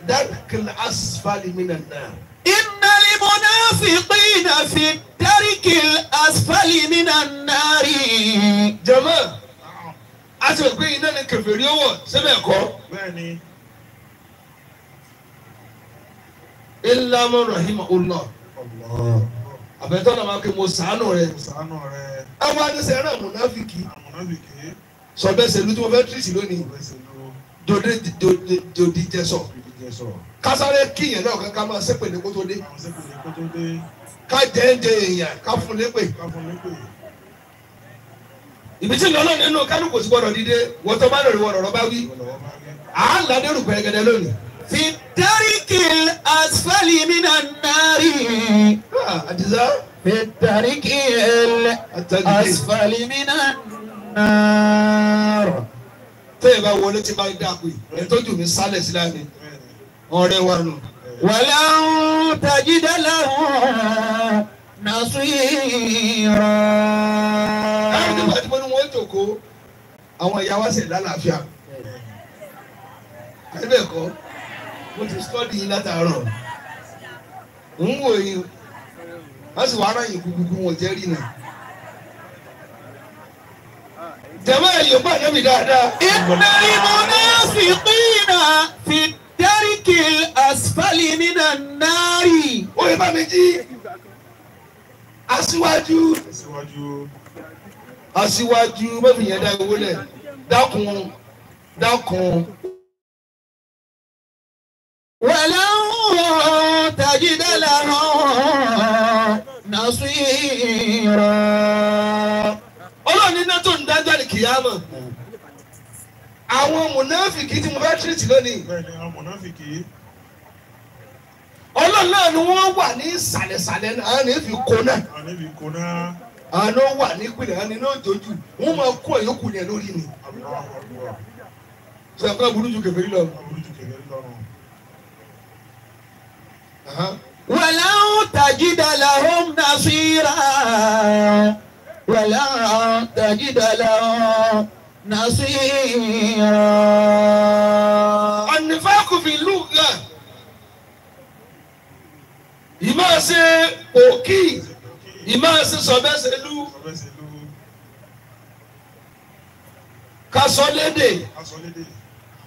darkil asfali minan nar. inna alimunafikina fi darkil asfali minan nar. jama a sì pé iná ni kèfèrí ó wọ̀ síbẹ̀ kọ́. ilá mọ rahima ọlọ àbẹ̀tọ́ náà máa kí mo sàánù rẹ àwọn adéṣe rẹ àmúnáfìkì sọ̀bẹ́sẹ̀ lu tí mo fẹ́ tìrìsì lónìí dòdì jẹsọ kásáré kíyàn náà kankan máa ṣépè ní kótó dé ká jẹ́ ń jẹ èèyàn ká fún lépè ibi tí lọ́lọ́ nínú kálukú sí gbọ́dọ̀ dìde wọ́tọ́ bá lórí wọ́rọ̀ bá wí. à ń la dẹ́rù pẹ̀lẹ́gẹ́dẹ́ lónìí. fi dáríkì asfali mina nari. Ah, àdìsá. fi dáríkì asfali mina nari. tẹ́yẹ̀ bá wọlé tí bá dà pé ẹ̀ tọ́jú mi sálẹ̀ sílẹ̀ mi ọ̀rẹ́ wa nù. wàlá ń tají dá nasira. láti bá ti bọ́ ni wọ́n jòkó àwọn ìyá wa sì lálàáfíà àdébẹ̀kọ́ mo ti stọ́dì yín látàárọ̀ ń wò yín wọ́n sì wá aráyìn kúkúkú wọn jẹ́ rí náà jama yìí bá nàbì dáadáa. ìpínlẹ̀ ìmọ̀nàfìkìnà fi dárìkì asfali nínà náírì. ó yẹ bá mi jí. Asiwaju, aṣíwájú mẹ́fìyàn dá owó lẹ̀ dákun dákun. wẹ̀lẹ́ ń tajidala hàn nasira. ọlọ́ọ̀ni náà tó ń dájọ́ àdìkìyàmọ̀ àwọn mùnáfìkì tí mo bá tìrìtì lónìí. bẹ́ẹ̀ ni àwọn mùnáfìkì ọlọ́run náà ni wọ́n wà ní ìsàlẹ̀sàlẹ̀ náà àwọn èèyàn fi kó náà àwọn náà wà ní ìpínlẹ̀ àwọn ènìyàn jòjú wọ́n máa kó ẹ̀yọ́kù yẹn lórí ni. sọ ẹ̀ka burú ju kẹfẹ́ lọ. wàlá ń tàjídà làwọn nasira wàlá ń tàjídà làwọn nasira. ọ̀nìfẹ́ kò fi lù gàn ìmáa ṣe òkì ìmáa ṣe sọ̀bẹ́sẹ̀lú kasọ̀lédè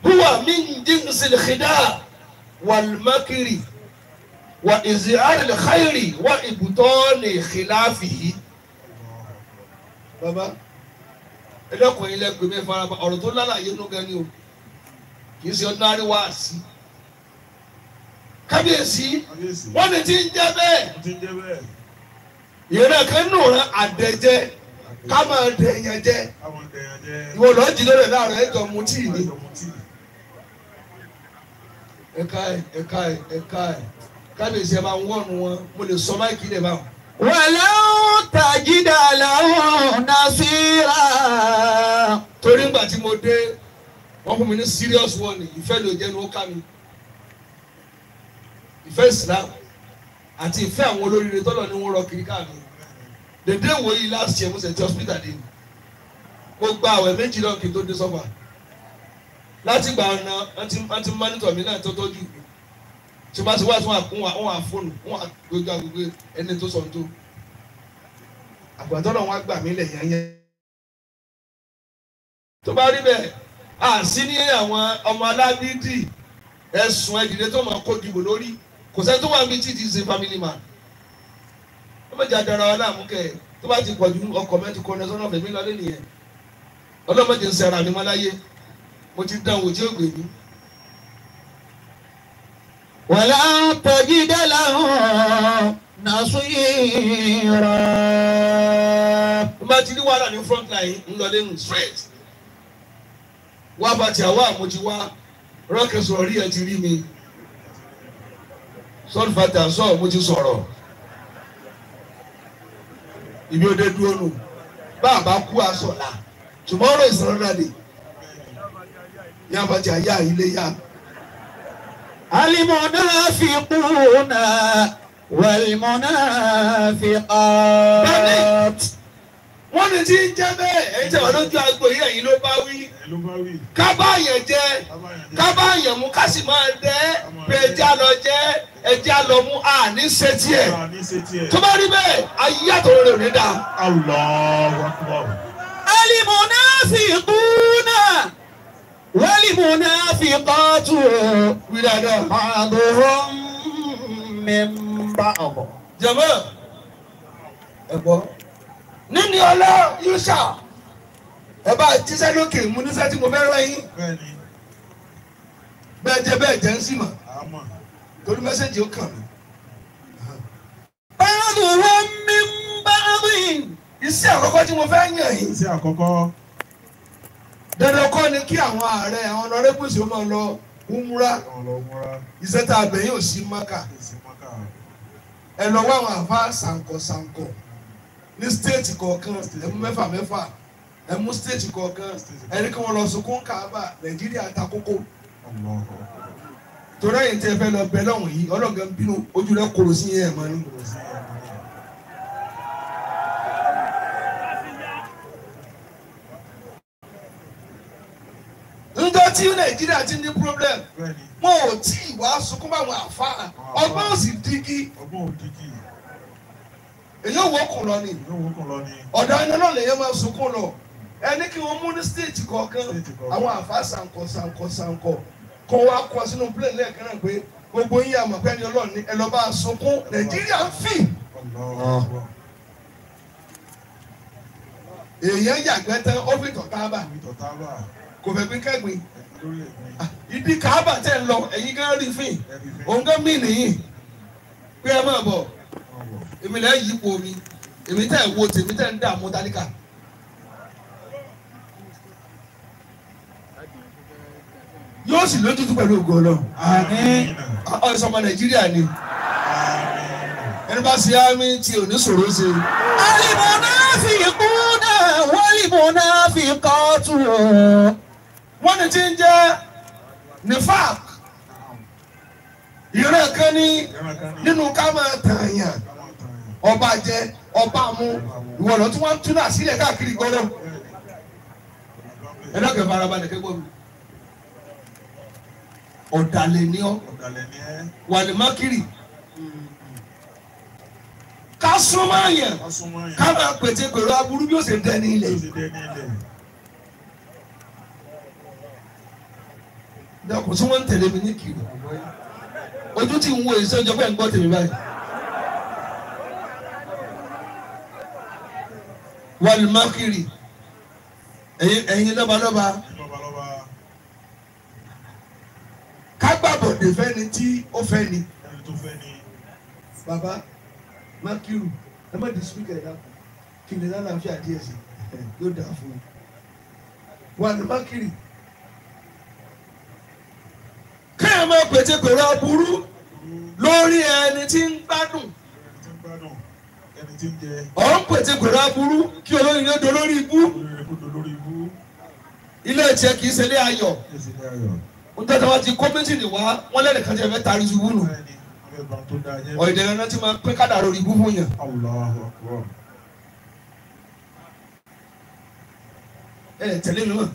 huwa min jinsil khida walmakiri wa izihari lkhayri wa ibutoni khilafihi. baba ẹlẹ́kùnrin lẹ́gbẹ̀ẹ́ fara ọ̀rọ̀ tó lálàyé nù gan o kì í ṣe ordinary wáàsí kábíyèsí wọ́n ní ti ń jẹ́ bẹ́ẹ̀ ìrẹ́ kan nù rán àdẹ̀jẹ́ ká máa dẹ̀yàn jẹ́ ìwọ lọ́ọ́ jí lórí láàrin ẹ̀jọ̀ mu tíì ni ẹ̀ka ẹ̀ ẹ̀ka ẹ̀ ẹ̀ka ẹ̀ kábíyèsí ẹ̀ máa ń wọ́nu wọn mo lè sọ máìkì lè bá wọn. wàlẹ́ ó tàjídà làwọn nasira. torí ngbà tí mo dé wọ́n fún mi ní serious warning ìfẹ́ ló jẹ́ ní ó ká mi ìfẹ́ Islam àti ìfẹ́ àwọn olóríire tọ́lọ̀ ni wọ́n rọ kiri káàmì dèdè wo yìí last year mo ṣe ti hospital dé mo gba àwẹ̀ méjì náà kí n tó dé sọ́fà láti gbà ọ̀nà àti mánítọ̀ mi náà tó tọ́jú tí wọ́n ti wá tí wọ́n á fóònù wọ́n á gbójú agogo ẹni tó sọ̀ tó àgbàdo náà wọ́n á gbà mí lẹ̀ yányá tó bá rí bẹ́ẹ̀ à sí ní àwọn ọmọ aládìdì ẹ̀sùn ẹ̀dìdẹ́ tó máa kó dìbò lórí kò sẹ́ni tó wà níbi tí ti family man ó méjì adara wa láàmú kẹ tó bá ti pọ̀jù ọkọ̀ mẹ́tì kọ́ni sọ́nà fẹ̀mí lọ́lé nìyẹn ọlọ́mọdé ń sẹ́ra mi mọ́láyé mo ti dán wò tí ó gbè mí. wàlá láwọn nàásù yìí rọ̀. tó bá ti rí wàhálà ní front line ń lọ lẹ́nu straight wá bàtì àwa àmójúwá rọ́ọ̀kì rí ẹ ti rí mi sọ́ọ̀lù fàtà sọ́ọ̀ mo ti sọ̀rọ̀ ìbí òde dúró nù bàbá kú àsọ̀là tomorrow is another day yá bàjẹ́ ayé àyílé yá. المنافقون والمنافقات wọ́n ní tí ń jẹ́ bẹ́ẹ̀ ẹ̀yin tí wọ́n lójú agbo yìí ẹ̀yin ló bá wí. ká bá yẹn jẹ ká bá yẹn mú ká sì máa dẹ́ pé ẹja lọ jẹ́ ẹ jẹ́ a lọ mú àní ṣe tiẹ̀ tó bá rí bẹ́ẹ̀ ayé àtọ̀rọ̀ rẹ̀ ò ní dà. alimunafikuna walimunafikatu wíwádà àdúrà mẹ́mbà ọ̀bọ̀. jẹ̀mọ́ ẹ̀ gbọ́ nínú ọlá yúṣà ẹ bá jíṣẹ́ lókè mú níṣẹ́ tí mo fẹ́ rán yín bẹ́ẹ̀ jẹ́ bẹ́ẹ̀ jẹ́ ń sì mọ̀ torí mẹ́sẹ̀gì ó kàn mí. báwo wá mi ń bá rìn. iṣẹ́ àkọ́kọ́ tí mo fẹ́ yàn yìí. iṣẹ́ àkọ́kọ́. dandan kọ́ ni kí àwọn ààrẹ àwọn ọ̀nàrẹ́gbèsè máa lọ umra iṣẹ́ tá a bẹ̀ yín ò sí maka ẹ lọ wá àwọn àfa sànkọ̀sànkọ̀ ní stéètì kọ̀ọ̀kan ẹ mú mẹ́fà mẹ́fà ẹ mú stéètì kọ̀ọ̀kan ẹ kí wọ́n lọ sunkún Kaaba Nàìjíríà ta torí ẹ̀yin tẹ́ fẹ́ lọ bẹ lọ́hùn yìí ọlọ́gà ń bínú ojú rẹ̀ kóró sí yẹn mọ́ ní kóró sí. njọ́ tí nàìjíríà ti ní problem wọn ò tí ì wá sunkún báwọn àfáà ọgbọ́n ò sì dígí. ọgbọ́n ò dígí. èyí ò wọ́kùn lọ ni ọ̀dọ̀ ẹni náà lèyẹ máa sunkún lọ ẹni kí wọ́n mú ní stéèjì kọ̀ọ̀kan àwọn àfáà sànkọ sànkọ sànkọ kọ́ wa kọ́ sínú plẹ̀ lẹ́ẹ̀kan náà pé gbogbo yín àmọ̀ pẹ́ni ọlọ́run ni ẹ lọ bá a sunkún nàìjíríà ń fì. èèyàn yàgbẹ́ tán ó fi tọ̀ tábà kò fẹ́ gbé kẹ́gbin ìdí kábà tẹ̀ ń lọ ẹ̀yin gan rí fìn òun gan mí nìyí pé ẹ máa bọ̀ èmi lẹ́yìn ipò mi èmi tẹ̀ wo tèmi tẹ̀ ń dààmú tálíkà. yóò sì lójútú pẹ̀lú ògo Ọlọ́run ọ̀sán ọmọ Nàìjíríà ni ẹni bá ṣe ámì tí ò ní ṣòro ṣe. alìmọ̀ náà fi kú náà wọ́n lìmọ̀ fi kọ́ tù ọ́. wọ́n ní ti ń jẹ́ nifak ìran kan ní nínú ká máa tààyàn ọba jẹ ọba mu ìwọ̀n lọ́tún wọn tún náà sílẹ̀ káàkiri gbọ́dọ̀ ẹ̀dọ́gbẹ̀ farabalẹ̀ kẹ́gbọ́n mi ọ̀dàlẹ̀ ni ọ́ wà ní mákìrì ká súnmọ́ àyàn ká máa pète pèrò aburú bí ó ṣe dẹ ní ilẹ̀. dọ́kùn tí wọ́n ń tẹ̀lé mi ní kiri ojú tí ń wo èso ìjọba ẹ̀ ń gbọ́ tèmi báyìí. wà ní mákìrì ẹ̀yin kágbàbọ̀dé feni tí ó fẹ́ ni. bàbá mákìrù ẹ má di spíkà ẹ̀ dàpọ̀ kí ni lálàáfíà díẹ̀ sí <laughs> yóò dà fún un. wà ní mákìrì. káyọ̀ máa pète pèrè aburú lórí ẹni tí ń gbádùn. ọ̀rọ̀ ń pète aburú kí olórí ló dolórí ibú. ilé ṣe ilé ayọ̀. nítorí wọn ti kó méjìlì wá wọn lẹ́nu kan tí ẹ fẹ́ taari ṣubú nù ọ̀dẹ̀ ẹ̀rọ ti máa pín kádà lórí ibú fún yẹn. ẹ tẹ̀lé mi mọ̀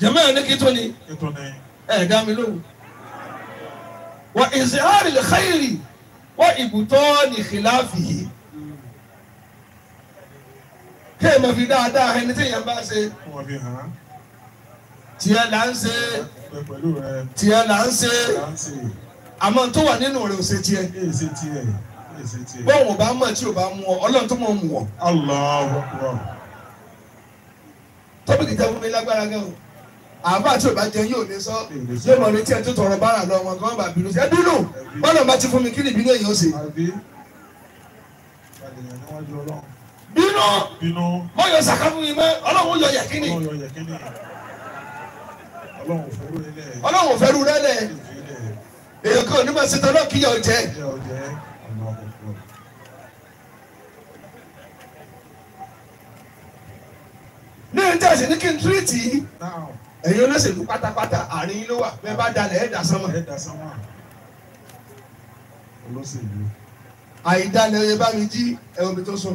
jẹ́mọ́ ẹ̀ ní kí tó ni ẹ̀ dá mi lóhùn wa ìzìhárì lè xayiri ìbùtọ́ ní xìláàfì yìí kéèmọ̀ fi dáadáa ẹni tí yẹn bá ṣe tiẹ̀ là ń ṣe tiẹ̀ là ń ṣe àmọ́ tó wà nínú rẹ̀ ò ṣe tiẹ̀ bọ́ọ̀ ò bá mọ̀ tí ò bá mú ọ ọlọ́run tó mọ̀ mú ọ. tọ́pìkì tẹ́ fún mi lágbára gan o àbá tí ò bá jẹun yóò ní sọ yóò mọ̀ létí ẹ̀ tó tọrọ bára lọ wọn kàn bá bínú ẹ bínú bọ́ọ̀lù bá ti fún mi kí ni ìbínú èyí ó ṣe. bínú bínú mọ̀ yọ sàkáfù yìí mọ́ ọlọ́run yọ yẹ̀kínì ọlọ́run fẹ́rù rẹ lẹ̀ èèyàn kan onímọ̀ sí tọ́lọ́ kí yọ jẹ́. ní ẹni tí a sì ní kí n tírìtì yìí ẹ̀yin olóṣèlú pátápátá àárín yín ló wà bẹ́ẹ̀ bá dalẹ̀ ẹ̀ dasánmọ̀. àìdálẹ̀ oyè bá mi jí ẹ̀wọ̀n mi tó sún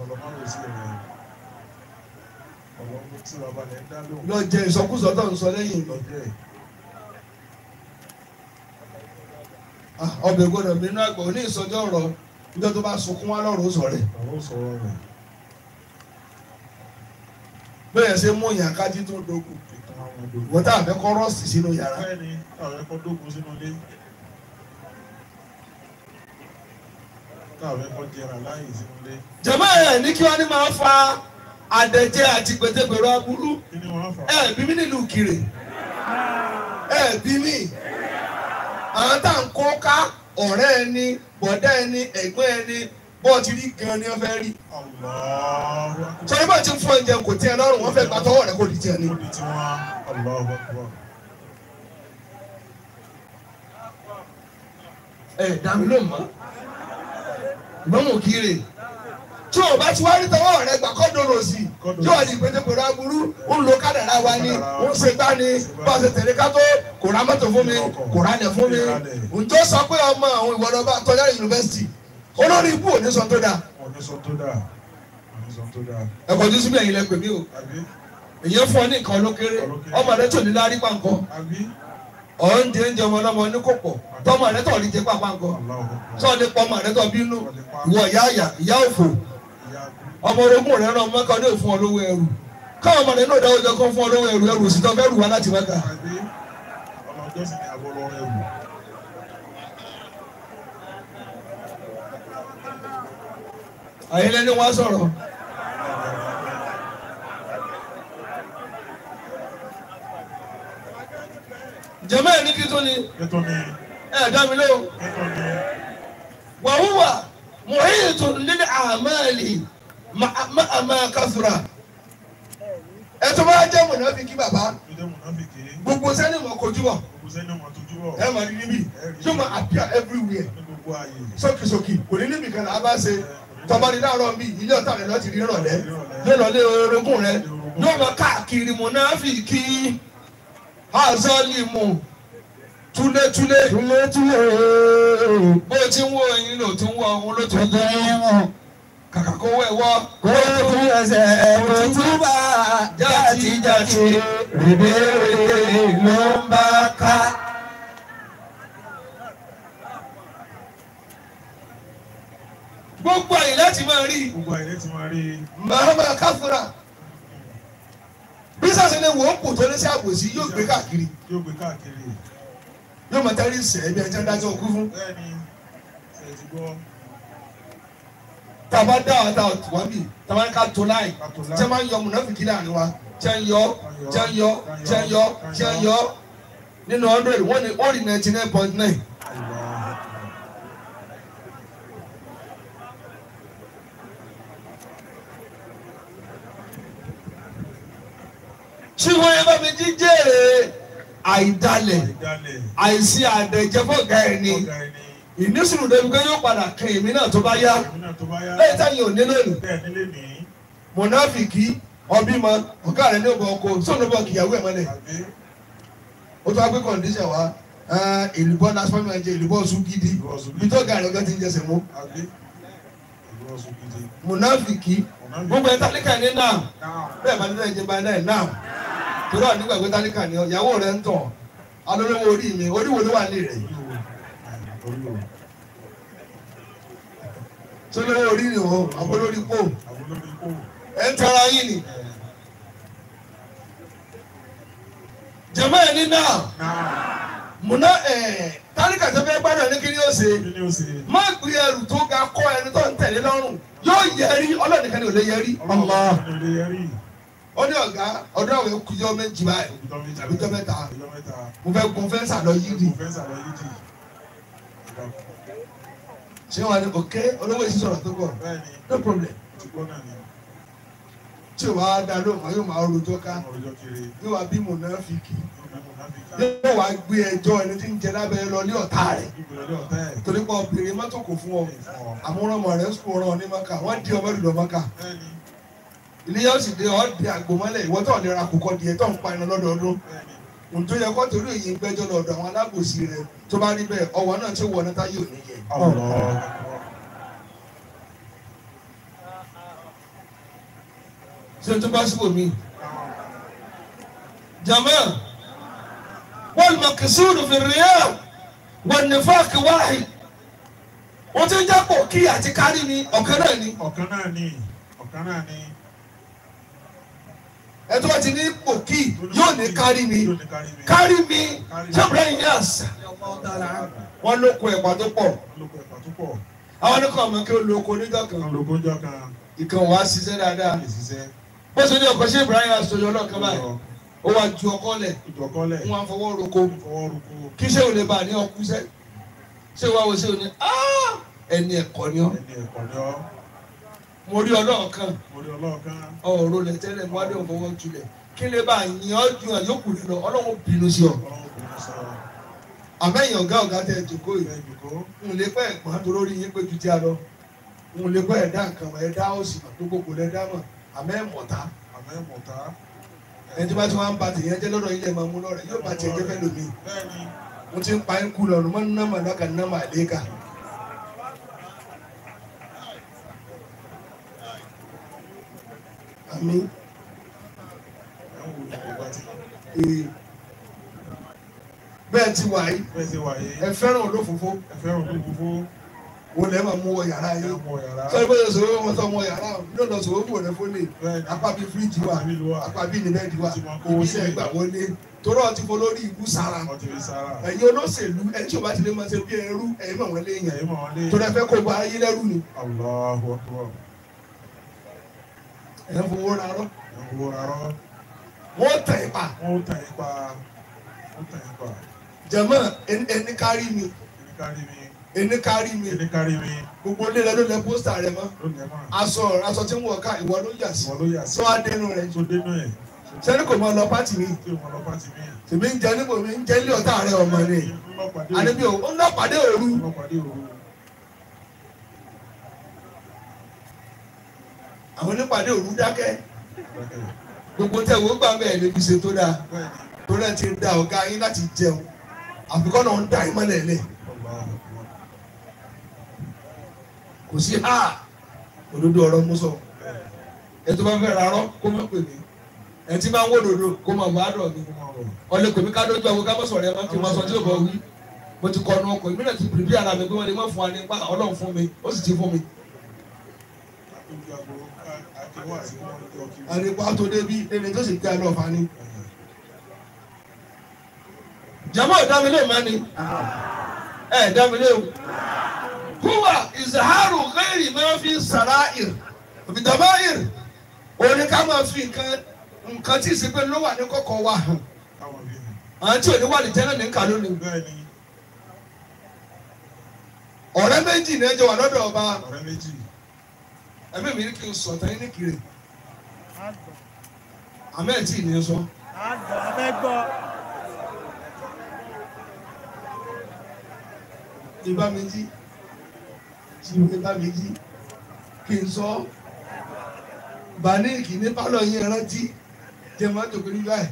lọ jẹ ìsọkúsọ tó ń sọ lẹ́yìn lọ jẹ ah, ọbẹ̀ gbọ́dọ̀ mi náà gbọ́ ní ìsọjọ́ ọ̀rọ̀ ìjọ tó bá sunkún wá lọ́rùn ó sọ rẹ̀. bẹ́ẹ̀ ṣe mú ìyàn kájí tó dogun wọ́n tá àfẹ́ kọ́ rọ́ọ̀sì sínú yàrá. jẹ̀mọ́ ẹ̀ ní kí wọ́n ní máa fa. àdẹ̀jẹ́ àti pẹ̀tẹ́pẹ̀rọ aburú ẹ bí mi nílùú kiri ẹ bí mi àwọn tá à ń kó ká ọ̀rẹ́ ẹni bọ̀dá ẹni ẹ̀gbọ́n ẹni bọ́ọ̀ ti rí gan ni wọ́n fẹ́ rí. sọ yìí bá ti fún ẹ̀jẹ̀ kò tí lọ́rùn wọ́n fẹ́ gba tí o bá ti wá rí tọwọ́ rẹ gbà kọ́ dòrò sí di pétépèrè aburú ó ń lo kádàrá wa ni ó ń ṣe gbani bá a ṣe tẹ̀lé ká tó kò ra mọ́tò fún mi kò ra fún mi ǹjọ́ sọ pé ọmọ àwọn ìwọ́dọ̀ bá tọ́jà yunifásitì olórí ikú òní sọ tó dáa. tó o èyàn fún ọ ní nǹkan olókèrè ọmọ rẹ ọmọ orogún rẹ ràn mọ́kà ní òfin ọlọ́wọ́ ẹrù káwọn ọmọ rẹ náà dáwọ́ jọ kán fún ẹrù ẹrù òsì wá láti ni wọ́n sọ̀rọ̀. jẹ́mọ́ ní kí tó ni dá mi lóhùn. wàhùwà máa máa káfúrà ẹ tó bá jẹ́ mùnàfíkì bàbá gbogbo sẹ́ni mọ̀ kojú bọ̀ ẹ mọ̀ ní níbí yóò máa appear everywhere sókèsókè kò ní níbi kan náà bá ṣe tọ́mọdé láàárọ̀ mi ilé ọ̀tá rẹ̀ lọ́ọ́ ti rí rọ̀lẹ́ yóò lọ lé orogún rẹ̀ yóò máa káàkiri mùnàfíkì azọ́límù túlétúlé túlétúlé bó ti ń wo yín ló ti ń wọ ohun ló ti ń wọ ohun kàkà kó wẹ̀ wọ́. wọ́n fi ẹsẹ̀ ẹ̀mọ́ túbà jàtijàti rèbèrèbè ló ń bá ká. gbogbo àyè láti máa rí. gbogbo àyè láti máa rí. màmá káfúrà bí sàṣẹlẹ wò ó kò tó lé sí yóò gbé káàkiri. yóò gbé káàkiri. yóò mọ tẹ́lẹ̀ sẹ́ẹ̀ bí ẹjẹ́ ń dájọ́ fún. bẹ́ẹ̀ ni ti gbọ́ tàbá dá wa ta wà mí tàbá ká tó láì tí a máa ń yọ mùnàfíkì láàrin wa tí a ń yọ tí a ń yọ tí a ń yọ tí a ń yọ nínú hundred wọ́n ní wọ́n rí ninety nine point nine. tí wọ́n yẹ bá mi jíjẹ́ àìdálẹ̀ àìsí àdẹ̀jẹ́fọ́gà ìnísùrù débi pé yóò padà kan èmi náà tó bá yá lẹ́yìn táyà ò ní lónìí mọ̀nàfìkì ọbímọ ọ̀gá rẹ̀ ní ọ̀bọ̀ ọkọ sọ̀nù bọ̀ kìyàwó ẹ̀ mọ́lẹ̀ ó tún wá pé kọ̀ǹdíṣẹ̀ wá èlùbọ́ lásán máa ń jẹ èlùbọ́ ọ̀sùn gidi ìjọ gàrí ọgá ti ń jẹsẹ̀ mú mọ̀nàfìkì gbogbo ẹ̀ tálíkà ní náà bẹ́ẹ̀ bá nílẹ̀ ìjẹba náà náà torí àwọn nígbàgbé tálíkà ní ìyàwó rẹ̀ ń tàn alólówó orí mi orí wo ló wà ní rẹ̀ yìí Olúwa. Sọlọ́wọ́ orí ni o, àwọn olórí pò. Ẹ ń tara yín ni. Jẹ̀mọ́ ẹ̀ ní náà. Múná ẹ̀ tálíkà tó fẹ́ gbádùn ní kí ni ó ṣe. Má gbé ẹrù tó ga kọ́ ẹni tó ń tẹ̀lé lọ́rùn. Yóò yẹrí Ọlọ́run nìkan ni ò lè yẹrí. Ọlọ́run ó ní ọ̀gá ọdún àwọn ẹ̀kú jọ́ méjì báyìí. Ìjọ mẹ́ta. Mo fẹ́ kọ́nfẹ́nsà lọ yídì ṣé wàá ní òkè olówó yìí sọ̀rọ̀ tó bọ̀ no problem tí o wàá da lóhùn yóò máa rojọ́ ká yóò wá bí mùnáfíkì yóò wá gbé ẹjọ́ ẹni tí ń jẹ lábẹ́ lọ ní ọ̀tá rẹ̀ torí pa obìnrin mọ́tò kò fún ọ àmúrànmọ́ rẹ̀ ń sùn ọ̀ràn ní maka wọ́n di ọmọ ìlú maka ilé yóò sì dé ọ́ di àgbò mọ́lẹ̀ ìwọ́tọ̀ lè ra kókó di tó ń pa iná lọ́dọọdún ǹjọ́ yẹ kó torí èyí ń gbẹ́jọ́ lọ́dọ̀ àwọn alábòsí rẹ tó bá rí bẹ́ẹ̀ ọwọ́ náà tí ó wọ ọ́nà táyé ò ní yẹ. ṣé tó bá síbò mí. jama wal maqsud fi riya wan nifaq wahid wọ́n ti ń jápọ̀ kí àti kárí ni ọ̀kan náà ni. ọ̀kan náà ni ọ̀kan náà ni ẹ tó bá ti ní pòkì yóò ní kárí mi kárí mi jẹ́bùrẹ́ yìí àṣà wọ́n ló kó ẹ̀pà tó pọ̀ àwọn oníkọ̀ ọmọ kí ó lo oko oníjọ́ kan ìkan wàá ṣiṣẹ́ dáadáa bó ṣe ní ọkọ̀ ṣé Ibrahim aṣojú ọlọ́ọ̀kan báyìí ó wá ju ọkọ́ lẹ̀ wọ́n á fọwọ́ roko kí ṣé ò lè bá ní ọkú ṣe ṣé wàá wo ṣé ò ní ẹni ẹ̀kọ́ ni ọ́ mo rí ọlọ́ọ̀kan ọ̀rọ̀ lẹ̀ tẹ́lẹ̀ mo wá dé ọ̀fọwọ́ tulẹ̀ kí lè bá yín ọ́ ju àyè òkú lọ ọlọ́run bínú sí ọ. àmẹ́yìn ọ̀gá ọ̀gá tẹ jòkó yìí n lè pẹ́ ẹ̀pọ́n torórí yín pé ju tí a lọ n lè pẹ́ ẹ̀dá nǹkan mọ̀ ẹ̀dá òsì mọ̀ tó kókò lẹ́dá mọ̀ àmẹ́ mọ̀tá. ẹni tí wọ́n ti wá ń ba tèèyàn jẹ́ lọ́dọ̀ ilé ẹ̀ máa mú lọ́rẹ̀ àmì bẹ́ẹ̀ ti wà yìí ẹ fẹ́ràn olófòfó ẹ fẹ́ràn olófòfó wo lẹ́ máa mú wọ yàrá yìí sọ́yìn bóyá sòwò wọn sọ mọ yàrá yóò lọ sòwò mọ̀ rẹ fóni apábí fíríjì wa apábí nìbẹ́ẹ̀dì wa owó sí ẹgbà wọlé torọ́ ti fọ lórí ìlú sara ẹ̀yin olóṣèlú ẹni tí o bá ti lè máa ṣe bí ẹrú ẹ̀yin mọ̀ wọ́n léèyàn torí ẹ fẹ́ kó bá ayé lẹ́rú ni ẹ ń fowó ra rọ. ẹ ń fowó ra rọ. wọ́n tẹ̀ ẹ́ pa. wọ́n tẹ̀ ẹ́ pa. wọ́n tẹ̀ ẹ́ pa. jẹ̀mọ́ ẹni kárí mi. ẹni kárí mi ẹni kárí mi ẹni kárí mi gbogbo ilé rẹ ló lẹ pósítà rẹ mọ aṣọ aṣọ tí ń wọ ká ìwọ ló yà sí sọ adẹnu rẹ sẹ́ni kò mọ lọ pátì mi tèmi ń jẹ níbo mi ń jẹ ilé ọ̀tá rẹ ọmọ ni àdébíyò ó ń lọ pàdé òru. àwọn onípàdé òru dákẹ́ gbogbo tẹ wo gbà bẹ́ẹ̀ lè fi ṣe tó dáa tó náà ti da ọ̀gá yín láti jẹun àfikọ́ náà ń da ìmọ̀lẹ̀ lẹ̀ kò sí ha òdodo ọ̀rọ̀ mú sọ ẹ tó bá fẹ́ ra rán kó má pè mí ẹ tí máa ń wò dodo kó má wà á dọ̀ mí ọ̀lẹ́ pè mí ká lójú àwọn ká mọ̀ sọ̀rọ̀ má fi wọn tí yóò bọ̀ wí mo ti kọ́ ọ̀nà ọkọ̀ ìmúlẹ̀ ti pèlè bí ara mi pé wọ́n lè má fún wa nípa ọlọ́run fún mi ó sì ti fún mi àdìpọ̀ àtòdébí ẹni tó sì gbé alẹ́ ọ̀fà ni. jama ìdámilé mani ẹ ìdámilé o kúwà ìzàhárù kẹ́rì máa fi sàráìr òbítàbáìr òní ká máa fi nǹkan nǹkan tí ìsìnkú ló wà ní kọ̀kọ̀ wà hàn àti òní wà ní jẹ́nà ní nkà lónìí. ọ̀rẹ́ méjì ní ẹjọ́ wà lọ́dọ̀ ọba. ọ̀rẹ́ méjì ní ẹ̀mí mi ní kí n sọ̀tàn yín ní kiri àmẹ́ẹ̀tì ni sọ. ìbá mi jí ìbá mi jí kí n sọ bàníkì ní pálọ̀ yín rántí jẹ́ máa tòkó ní báyìí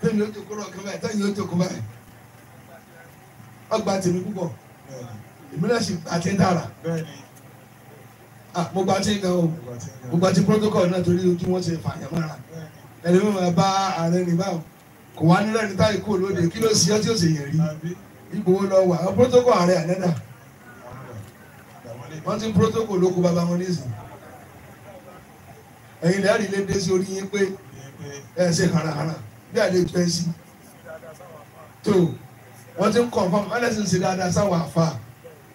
tẹ́yìn ó tòkó rọ̀ kí báyìí tẹ́yìn ó tòkó báyìí ọgbà tèmi púpọ̀ ìmúlẹ̀ sí àti dára. Ah, mo gba tí nǹkan o mo gba tí protocol náà torí ojú wọn ṣe fàyàn mọ́ra ẹlẹ́mi máa bá ààrẹ ní báwọn kò wá nílẹ̀ ní táyì kó lóde kí ló ṣe ọ́ tí ó ṣe yẹn rí ipò wo lọ wà protocol ààrẹ àdẹ́dà wọ́n ti protocol ló kó bàbá wọn ní ìsìn ẹ̀yin lẹ́rìí lé dé sí orí yín pé ẹ̀ ṣe kàràkàrà bí àlejò ẹ̀ sí tó wọ́n ti ń kọ̀ fún ọ́n ẹ̀sìn dáadáa sáwọn àfa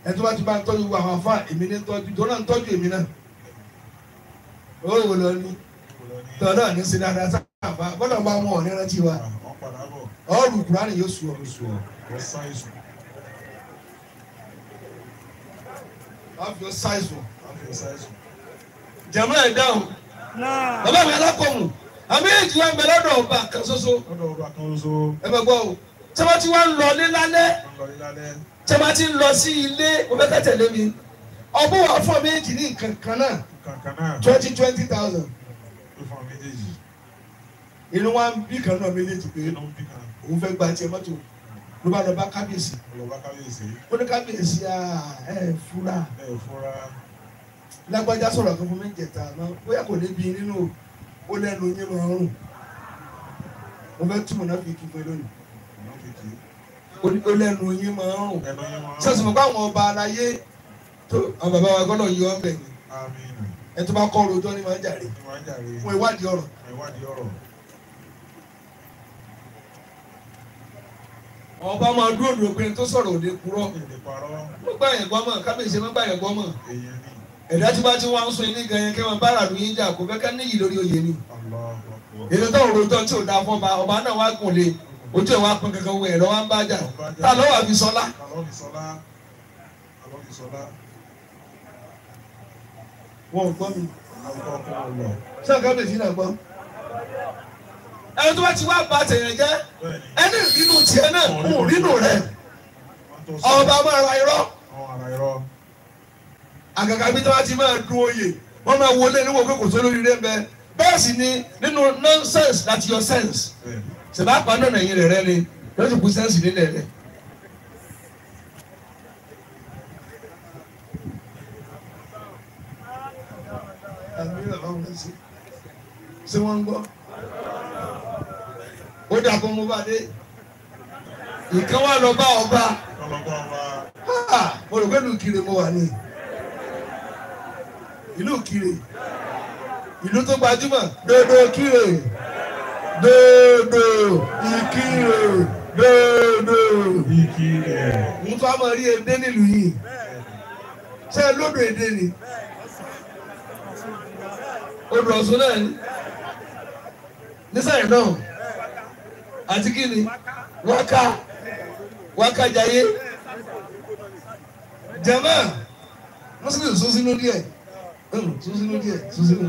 ẹni tó bá ti bá ń tọ́jú àwọn afá èmi ní tọ́jú tó náà ń tọ́jú èmi náà ó wò lọ ní tọ́ náà ní sinmi àdá sáfà gbọ́dọ̀ bá wọn ò ní rántí wa ah, ọ̀rù kùránì yóò sùn ọ́ of your size o. jama ẹ dáhùn. bàbá mi alákọ̀ọ́mù àmì èjì wa ń bẹ lọ́dọ̀ ọba kan ṣoṣo. ẹ bẹ gbọ́ o sábà tí wọ́n ń lọ ní lálẹ́. ṣé máa ti ń lọ sí ilé o fẹ́ tẹ̀lé mi ọmọ wa fún méjì ní nǹkan kan náà twenty twenty thousand inú wa bí kan náà pé òun fẹ́ gba tiẹ̀ mọ́tò ló bá lọ bá kábíyèsí ó ní kábíyèsí ẹ fura lágbájá sọ̀rọ̀ kan fún mi jẹ̀ta náà bóyá kò níbi nínú ó lẹ́nu olẹ́nu yín máa ń rùn sẹ́sìn mọ̀ báwọn ọba aláyé tó àwọn bàbá wa gbọ́dọ̀ yọ ọ́nbẹ̀ ni ẹ tó bá kọ́ ọ̀rọ̀ ọjọ́ ni máa ń jàre fún ìwádìí ọ̀rọ̀. ọba máa dúró dúró pé tó sọ̀rọ̀ òde purọ́ ló gbà yẹn gbọ́mọ̀ kábíyèsí ló gbà yẹn gbọ́mọ̀ ẹ̀dá tí bá ti wá ń sún ilé gan yẹn kí wọ́n bá ràdùn yín jà kó fẹ́ ká níyì lórí oyè ni èdè tó ń rojọ́ tí ò ojú ẹ̀ wá pín kankan owó ẹ̀ lọ́wọ́ ń bá jà ta lọ́wọ́ àfi sọlá. wọ́n gbọ́ mi ṣé àgbà bèjì náà gbọ́. ẹni tó bá ti wá bá tèèyàn jẹ́ ẹni nínú tiẹ̀ náà kù nínú rẹ̀ ọba máa ra irọ́ àgàgà bí tí wọ́n ti máa dun oyè wọ́n máa wọlé níwọ̀n pé kò sólórí rẹ̀ ń bẹ bẹ́ẹ̀ sì ni nínú nonsense that your sense. Yeah sèbá pàdé ọ̀nà yìí rẹ̀ rẹ̀ ni yóò ti kú sẹ́ǹsì nílẹ̀ rẹ̀. ṣé wọ́n ń gbọ́? ó dà kó mo bá dé ìkan wà lọ bá ọba mo rò pé ìlú kiri mo wà ní ìlú kiri ìlú tó gbajúmọ̀ dodo kiri dòdò ìkirè dòdò ìkirè. mo tún á máa rí èdè nílùú yìí ṣé lódò èdè ni odò Ọ̀ṣun náà ni nísàlẹ̀ náà àti kí ni wákà wákà jayé jama wọ́n sì lè sún sínú díẹ̀ sún sínú díẹ̀ sún sínú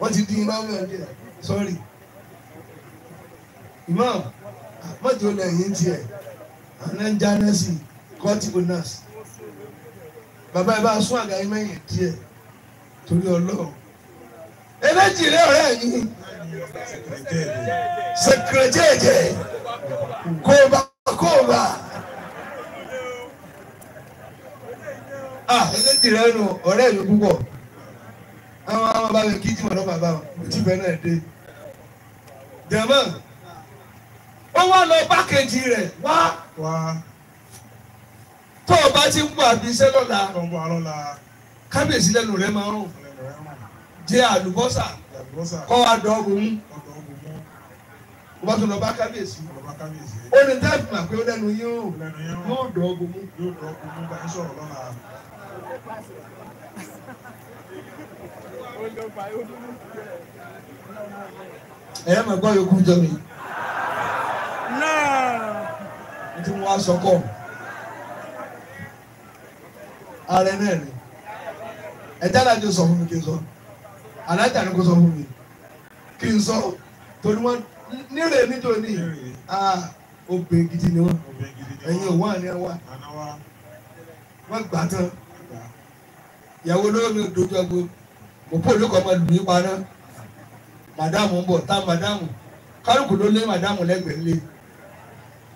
wọ́n ti dín in bá wọ́n díẹ̀ sọ́ọ̀rì imam àpọ̀jù olè yín tiẹ̀ ananja nẹ́sì kọ́tìbù nọ́ọ̀sì bàbá ẹ bá sún àga yín mẹ́yìn díẹ̀ torí ọlọ́run eléjì rẹ ọ̀rẹ́ yín sẹkẹrẹjẹjẹ kóba kóba ah eléjì rẹ nù ọ̀rẹ́ yín púpọ̀ àwọn àwọn bàbá mi kí jìmọ̀ náà bàbá mi mo ti bẹ́ẹ̀ náà dé jẹ̀mọ́ ó wá lọ pákéjì rẹ̀ wá. tó o bá ti ń bọ̀ àbí iṣẹ́ lọ́la kábíyèsí lẹ́nu rẹ̀ máa ń rùn jẹ àlùbọ́sà kọ́ wa dọ́gùn mú o bá tó lọ bá kábíyèsí ó ní táàbù mà pé ó lẹ́nu yín o yóò dọ́gùn mú. ẹ̀yẹ́ mà gbọ́ yòókù jọ mi. tí wọ́n aṣọ kọ́ ààrẹ náà ni sọ ah, fún mi sọ alájà ni sọ fún mi kí n sọ torí gidi ni wọn ẹ̀yin òwò àní ẹwà wọn gbà tán ìyàwó lórí dojú agbo òpó olóko ọmọ ìlú yìí paná màdámù ń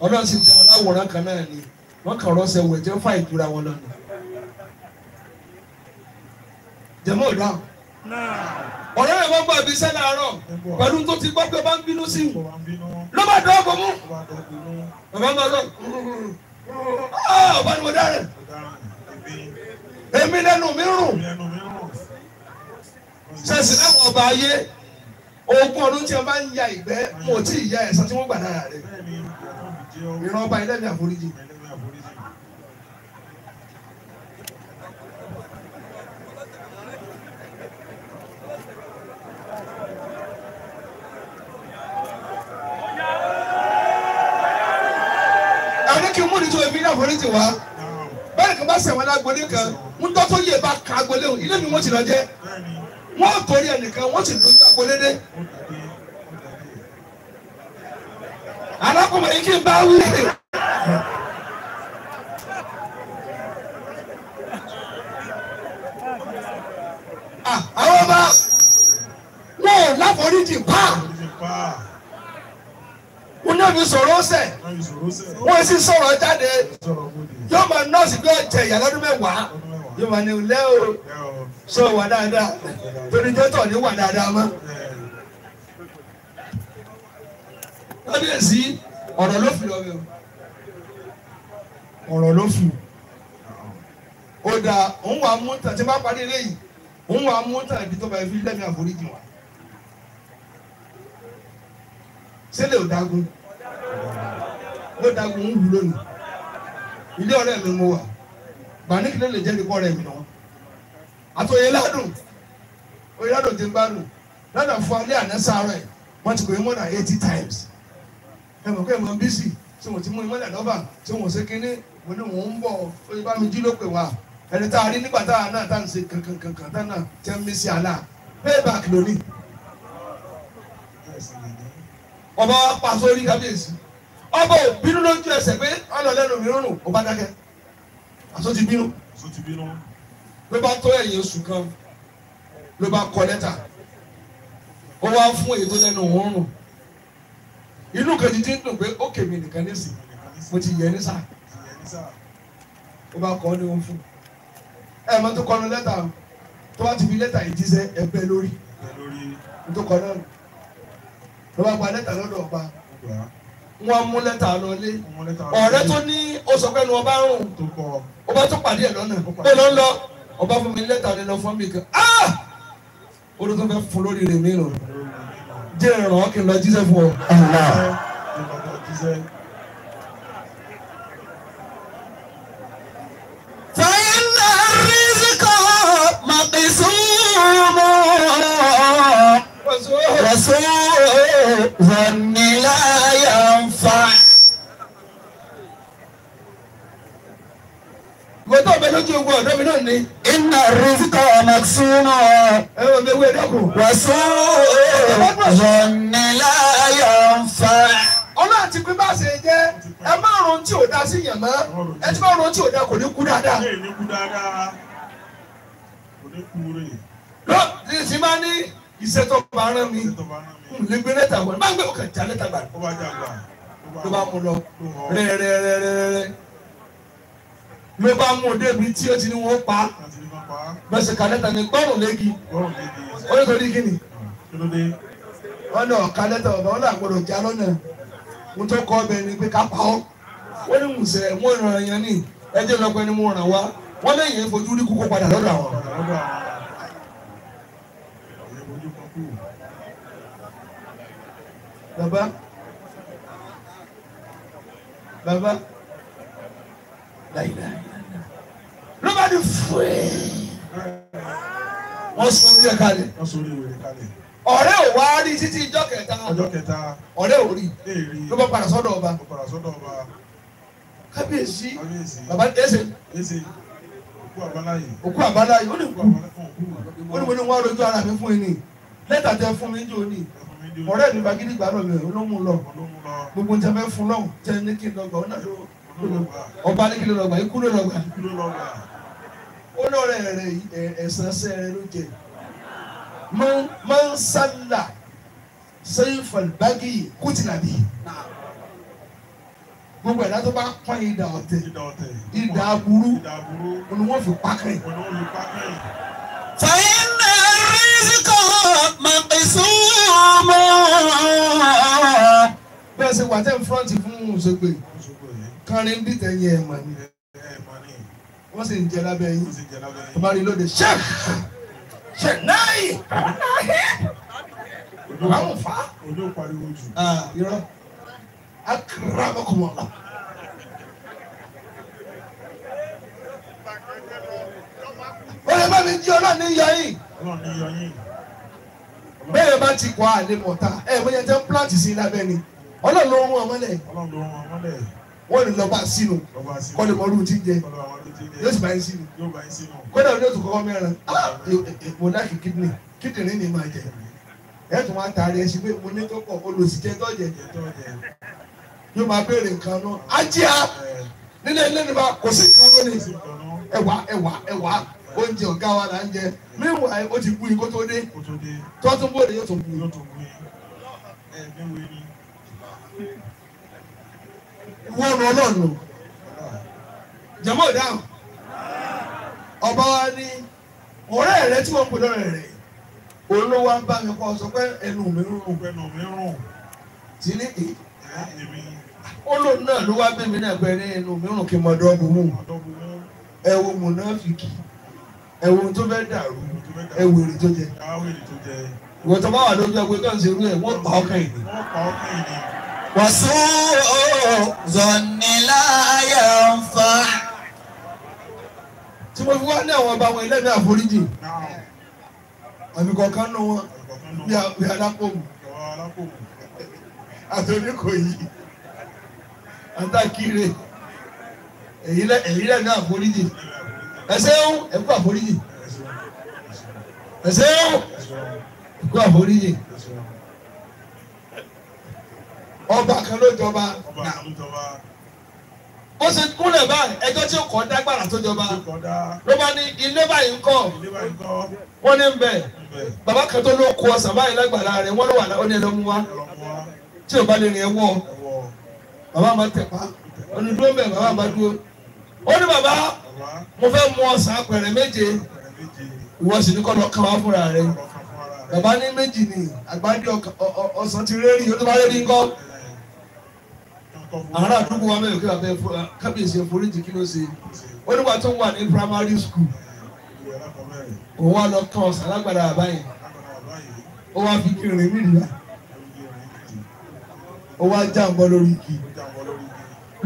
ọlọ́run sì dá wọn láwòrán kan náà ni wọ́n kàn rọ́ọ̀sẹ̀ wẹ̀ jẹ́ fà ìjura wọn lọ́nà. jẹ̀mọ́ ìlú àwọn. ọ̀rẹ́ rẹ̀ wọ́n gbọ́ ibi iṣẹ́ láàárọ̀ pẹ̀lú tó ti gbọ́ pé bá ń bínú sí i ló bá dán ọkọ̀ mú. bàbá máa lọ ọba ni mo dára èmi lẹ́nu mi rùn ṣẹ̀sìn láwọn ọba ayé ogún ọdún tí a bá ń ya ìgbẹ́ mo ti ìyá ẹ̀sán tí wọ́n gbà lára rẹ̀ ìran ọba ẹlẹ́mìí àforíjì. ẹni kí n mú nítorí èmi ní àforíjì wá bẹ́ẹ̀ kí n bá sẹ̀wọ́n lágbolé kan ń tọ́tọ́ yé bá ka agbolé o ilé mi wọ́n ti lọ jẹ́ wọ́n torí ẹnìkan wọ́n ti dùn agbolé dé arákùnrin kí n bá wí. àwọn ọba náà láforíjì pa wọn náà fi sọ̀rọ̀ ọ̀sẹ̀ wọ́n sì sọ̀rọ̀ jáde yóò máa nọ́ọ̀sì bí ọ̀jẹ̀ ìyá lọ́dún mẹ́wàá yóò máa ní ilé o sọ wà dáadáa torí jẹ́tọ̀ ní wà dáadáa mọ́. kábíyèsí ọ̀rọ̀ ló fi lọ́wọ́ ọ̀rọ̀ ló fi ó da òun wà mú tàn tí bá parí eléyìí òun wà mú tàn ibi tó bá fi lẹ́mí àforíjì wá sílẹ̀ ò dagun ó dagun ń wù lónìí ilé ọ̀rẹ́ mi mo wà bàníkìlẹ̀ lè jẹ́ ìdíkọ́ ọ̀rẹ́ mi náà àtòyè ládùn òyìnbó ládùn ti ń gbádùn ládùn fún alẹ́ àná sáré wọ́n ti pè é more eighty times ẹ mọ̀ pé ẹ mọ̀ bísí tí wọ́n ti mú ìmọ̀lẹ̀ lọ́bà tí wọ́n ṣe kínní wọ́n ní wọ́n ń bọ̀ ó yẹ bá mi jí ló pè wá ẹni tá a rí nígbà tá a náà tá a ń ṣe kankan kankan tá a náà tẹ́ ń mí sí àlà payback lónìí. ọba wa pa sórí kábíyèsí ọba ò bínú lójú ẹsẹ̀ pé ọ̀nà lẹ́nu mi rúnrún ọba dákẹ́ àṣọ ti bínú. àṣọ ti bínú. ló bá tó ẹ̀yìn oṣù kan ló bá kọ lẹ́tà ó wá fún èyí tó lẹ́nu òórùn inú kan ti ti ń dùn pé ó kèmí nìkan nísìnyí mo ti yẹ ní sáà ó bá kọ́ ní òun fún ẹ mọ tó kọ́ ní lẹ́tà tó bá ti fi lẹ́tà yìí jíṣẹ́ ẹgbẹ́ lórí tó kọ́ náà ló bá gba lẹ́tà lọ́dọ̀ ọba wọ́n mú lẹ́tà lọ lé ọ̀rẹ́ tó ní ó sọ ọba rùn ọba tó pàdé ẹ̀ lọ́nà pé ló ń lọ ọba fún mi lẹ́tà ní fún mi kan ah olùtọ́ fẹ́ fún lórí rẹ̀ mí rọ̀ jẹ́ ẹ̀ràn kí n lọ jíṣẹ́ fún ọ. fàyínà rìsíkọ̀ màkìsùnmù wàsó zanilaya nfa. gbọ́dọ̀ bẹ lójú ogun ọ̀dọ́ mi náà ni iná rìsítà màkìsúnà. ẹ ò gbẹwé dọkù. wàsó yọ̀nìláyà ń fa. ọlọ́run àti pín bá ṣe jẹ́ ẹ má ron tí ò da sí yàn mọ́ ẹ ti má ron tí ò da kò ní kú dáadáa. kò ní kú dáadáa kò ní kú rè. lọ ní ti máa ní iṣẹ́ tó bá rán mi lè gbé lẹ́tà wọ̀ má gbé ọkàn já lẹ́tà gbà. ó bá já gbà. ló bá mú lọ rẹ́rẹ́rẹ́rẹ́rẹ́ ló bá mú débi tí ó ti ní wọ́n pa bẹ́sẹ̀ kàlẹ́tà ni gbọ́rùn léegi ó yẹ kó di kíni wọ́n lọ kàlẹ́tà ọ̀bẹ wọ́n lọ àgbọ̀dọ̀ já lọ́nà mo tó kọ́ ọbẹ̀ ni pé ká pa ọ́ wọ́n ní mùsẹ̀ wọ́n ràn yẹn ní ẹjẹ́ lọ́gbẹ́ ni mo ràn wá wọ́n lẹ́yìn ẹ̀ fojú rí kúkú padà lọ́dọ̀ àwọn. bàbá bàbá láìláì nobody free. wọ́n sọ orí ẹ̀ kalẹ̀. wọ́n sọ orí ẹ̀ kalẹ̀. ọ̀rẹ́ ò wá rí títí ọjọ́ kẹta. ọjọ́ kẹta. ọ̀rẹ́ ò rí. ló bá padà sọ́dọ̀ ọba. ló padà sọ́dọ̀ ọba. kábíyèsí. kábíyèsí. bàbá ẹsẹ. ẹsẹ. òkú àbáláyé. òkú àbáláyé ó ní kú. ó ní mo ní wọ́n rojú ara mi fún ẹni. lẹ́tà tẹ fún mi jò ní ọ̀rẹ́ mi bagidi gbàdọ̀ mi olóhùn lọ gbogbo njẹ́ fẹ́ fún lọ́hùn jẹ́ ní kí n lọ gbà ọ̀nà lọ́wọ́ ọba ní olóore rẹ ẹ̀sán sẹ́rẹ̀ ló jẹ mọ́nsálà sẹ́yìn fọlbágì kùtìlábì gbogbo ẹ̀dá tó bá pọ́n idà ọ̀tẹ̀ idà aburú ni wọ́n fi pákẹ́. fàyín náà rí síkọ̀ máa ń pèsè ọmọ bẹ́ẹ̀ ṣe wà tẹ́ ń fúrọ́ǹtì fún òṣègbè kárin dìtẹ̀ yẹn mọ̀ nílẹ̀ wọ́n sì ń jẹ lábẹ́ yín tó bá rí lóde ṣẹ́f ṣẹ́f náírì àwọn fa ojú pariwo jù irọ́ akérèmọkùnmọ́ la. wọ́n lè má mi jí ọlọ́run ní yọ yín bẹ́ẹ̀ bá ti kọ́ àlè mọ̀ta ẹ̀ bóyá jẹ́ plant sí lábẹ́ ni ọlọ́run ló ń wọ́n mọ́lẹ̀. ọlọ́run ló ń wọ́n mọ́lẹ̀ wọ́n ní lọ́ba sínú kọ́ni mọ́rú ti jẹ yóò sì bá yín sínú kódà ní oṣù kọ́kọ́ mẹ́rin ah, eh, eh, mo láti kídìní kídìní ni màá jẹ ẹ tún wá taari ẹ sí pé mo ní tó pọ̀ olùsíjẹ tó jẹ yóò máa béèrè nǹkan náà ajíá nílẹ̀ ilé nípa kò sí nǹkan lónìí ẹ̀wà ẹ̀wà ẹ̀wà oúnjẹ ọ̀gá wa là ń jẹ mímú àyè o ti bú yín kó tó dé tó tún bóde yóò tún bú yín. wọ́n ọmọ ọlọ́run jẹ́mọ́ ìdáhùn ọba wa ní ọ̀rẹ́ rẹ tí wọ́n ń pè rẹ òun bá mi sọ pé ẹnu mi ń rùn ẹnu mi tí ní kì í náà ló wá bí mi náà pé ẹnu mi kí n mọ mú ẹ wo ẹ wo pa ọkàn وسوء ظن لا ينفع tí mo fi wá ní àwọn ọba àwọn ẹlẹ́dẹ̀ àforíjì àbíkọ̀ kan nù wọn bí alákòmù àti oníkòyí àtàkìrè èyí lẹ́nu àforíjì ẹ̀sẹ̀wó ẹ̀kú àforíjì ẹ̀sẹ̀wó ẹ̀kú àforíjì. ọba kan ló jọba ó ṣe kúnlẹ̀ báyìí ẹjọ́ tí ó kọ́ dágbára tó jọba ló bá ní ilé báyìí ń wọ́n ní bàbá kan tó ló kọ́ báyìí lágbàlá rẹ̀ wọ́n ló wà ní ẹlọ́mú wá tí ò bá lè rìn bàbá máa tẹ̀pá bàbá máa dúró ó ní bàbá mo fẹ́ méje ìwọ sì ní kọ́ fúnra bàbá ní méjì ni ti àrà àdúgbò wa mẹ́rin kíláà bẹ́ẹ̀ kábíyèsí ẹ̀fọ́ríjì kí ló ṣe wọ́n nígbà tó wà ní primary school òun wà lọ tán ọ̀sán lágbàdá àbáyé ó wá fi kí rìn nílùú ó wá já nǹkan lórí igi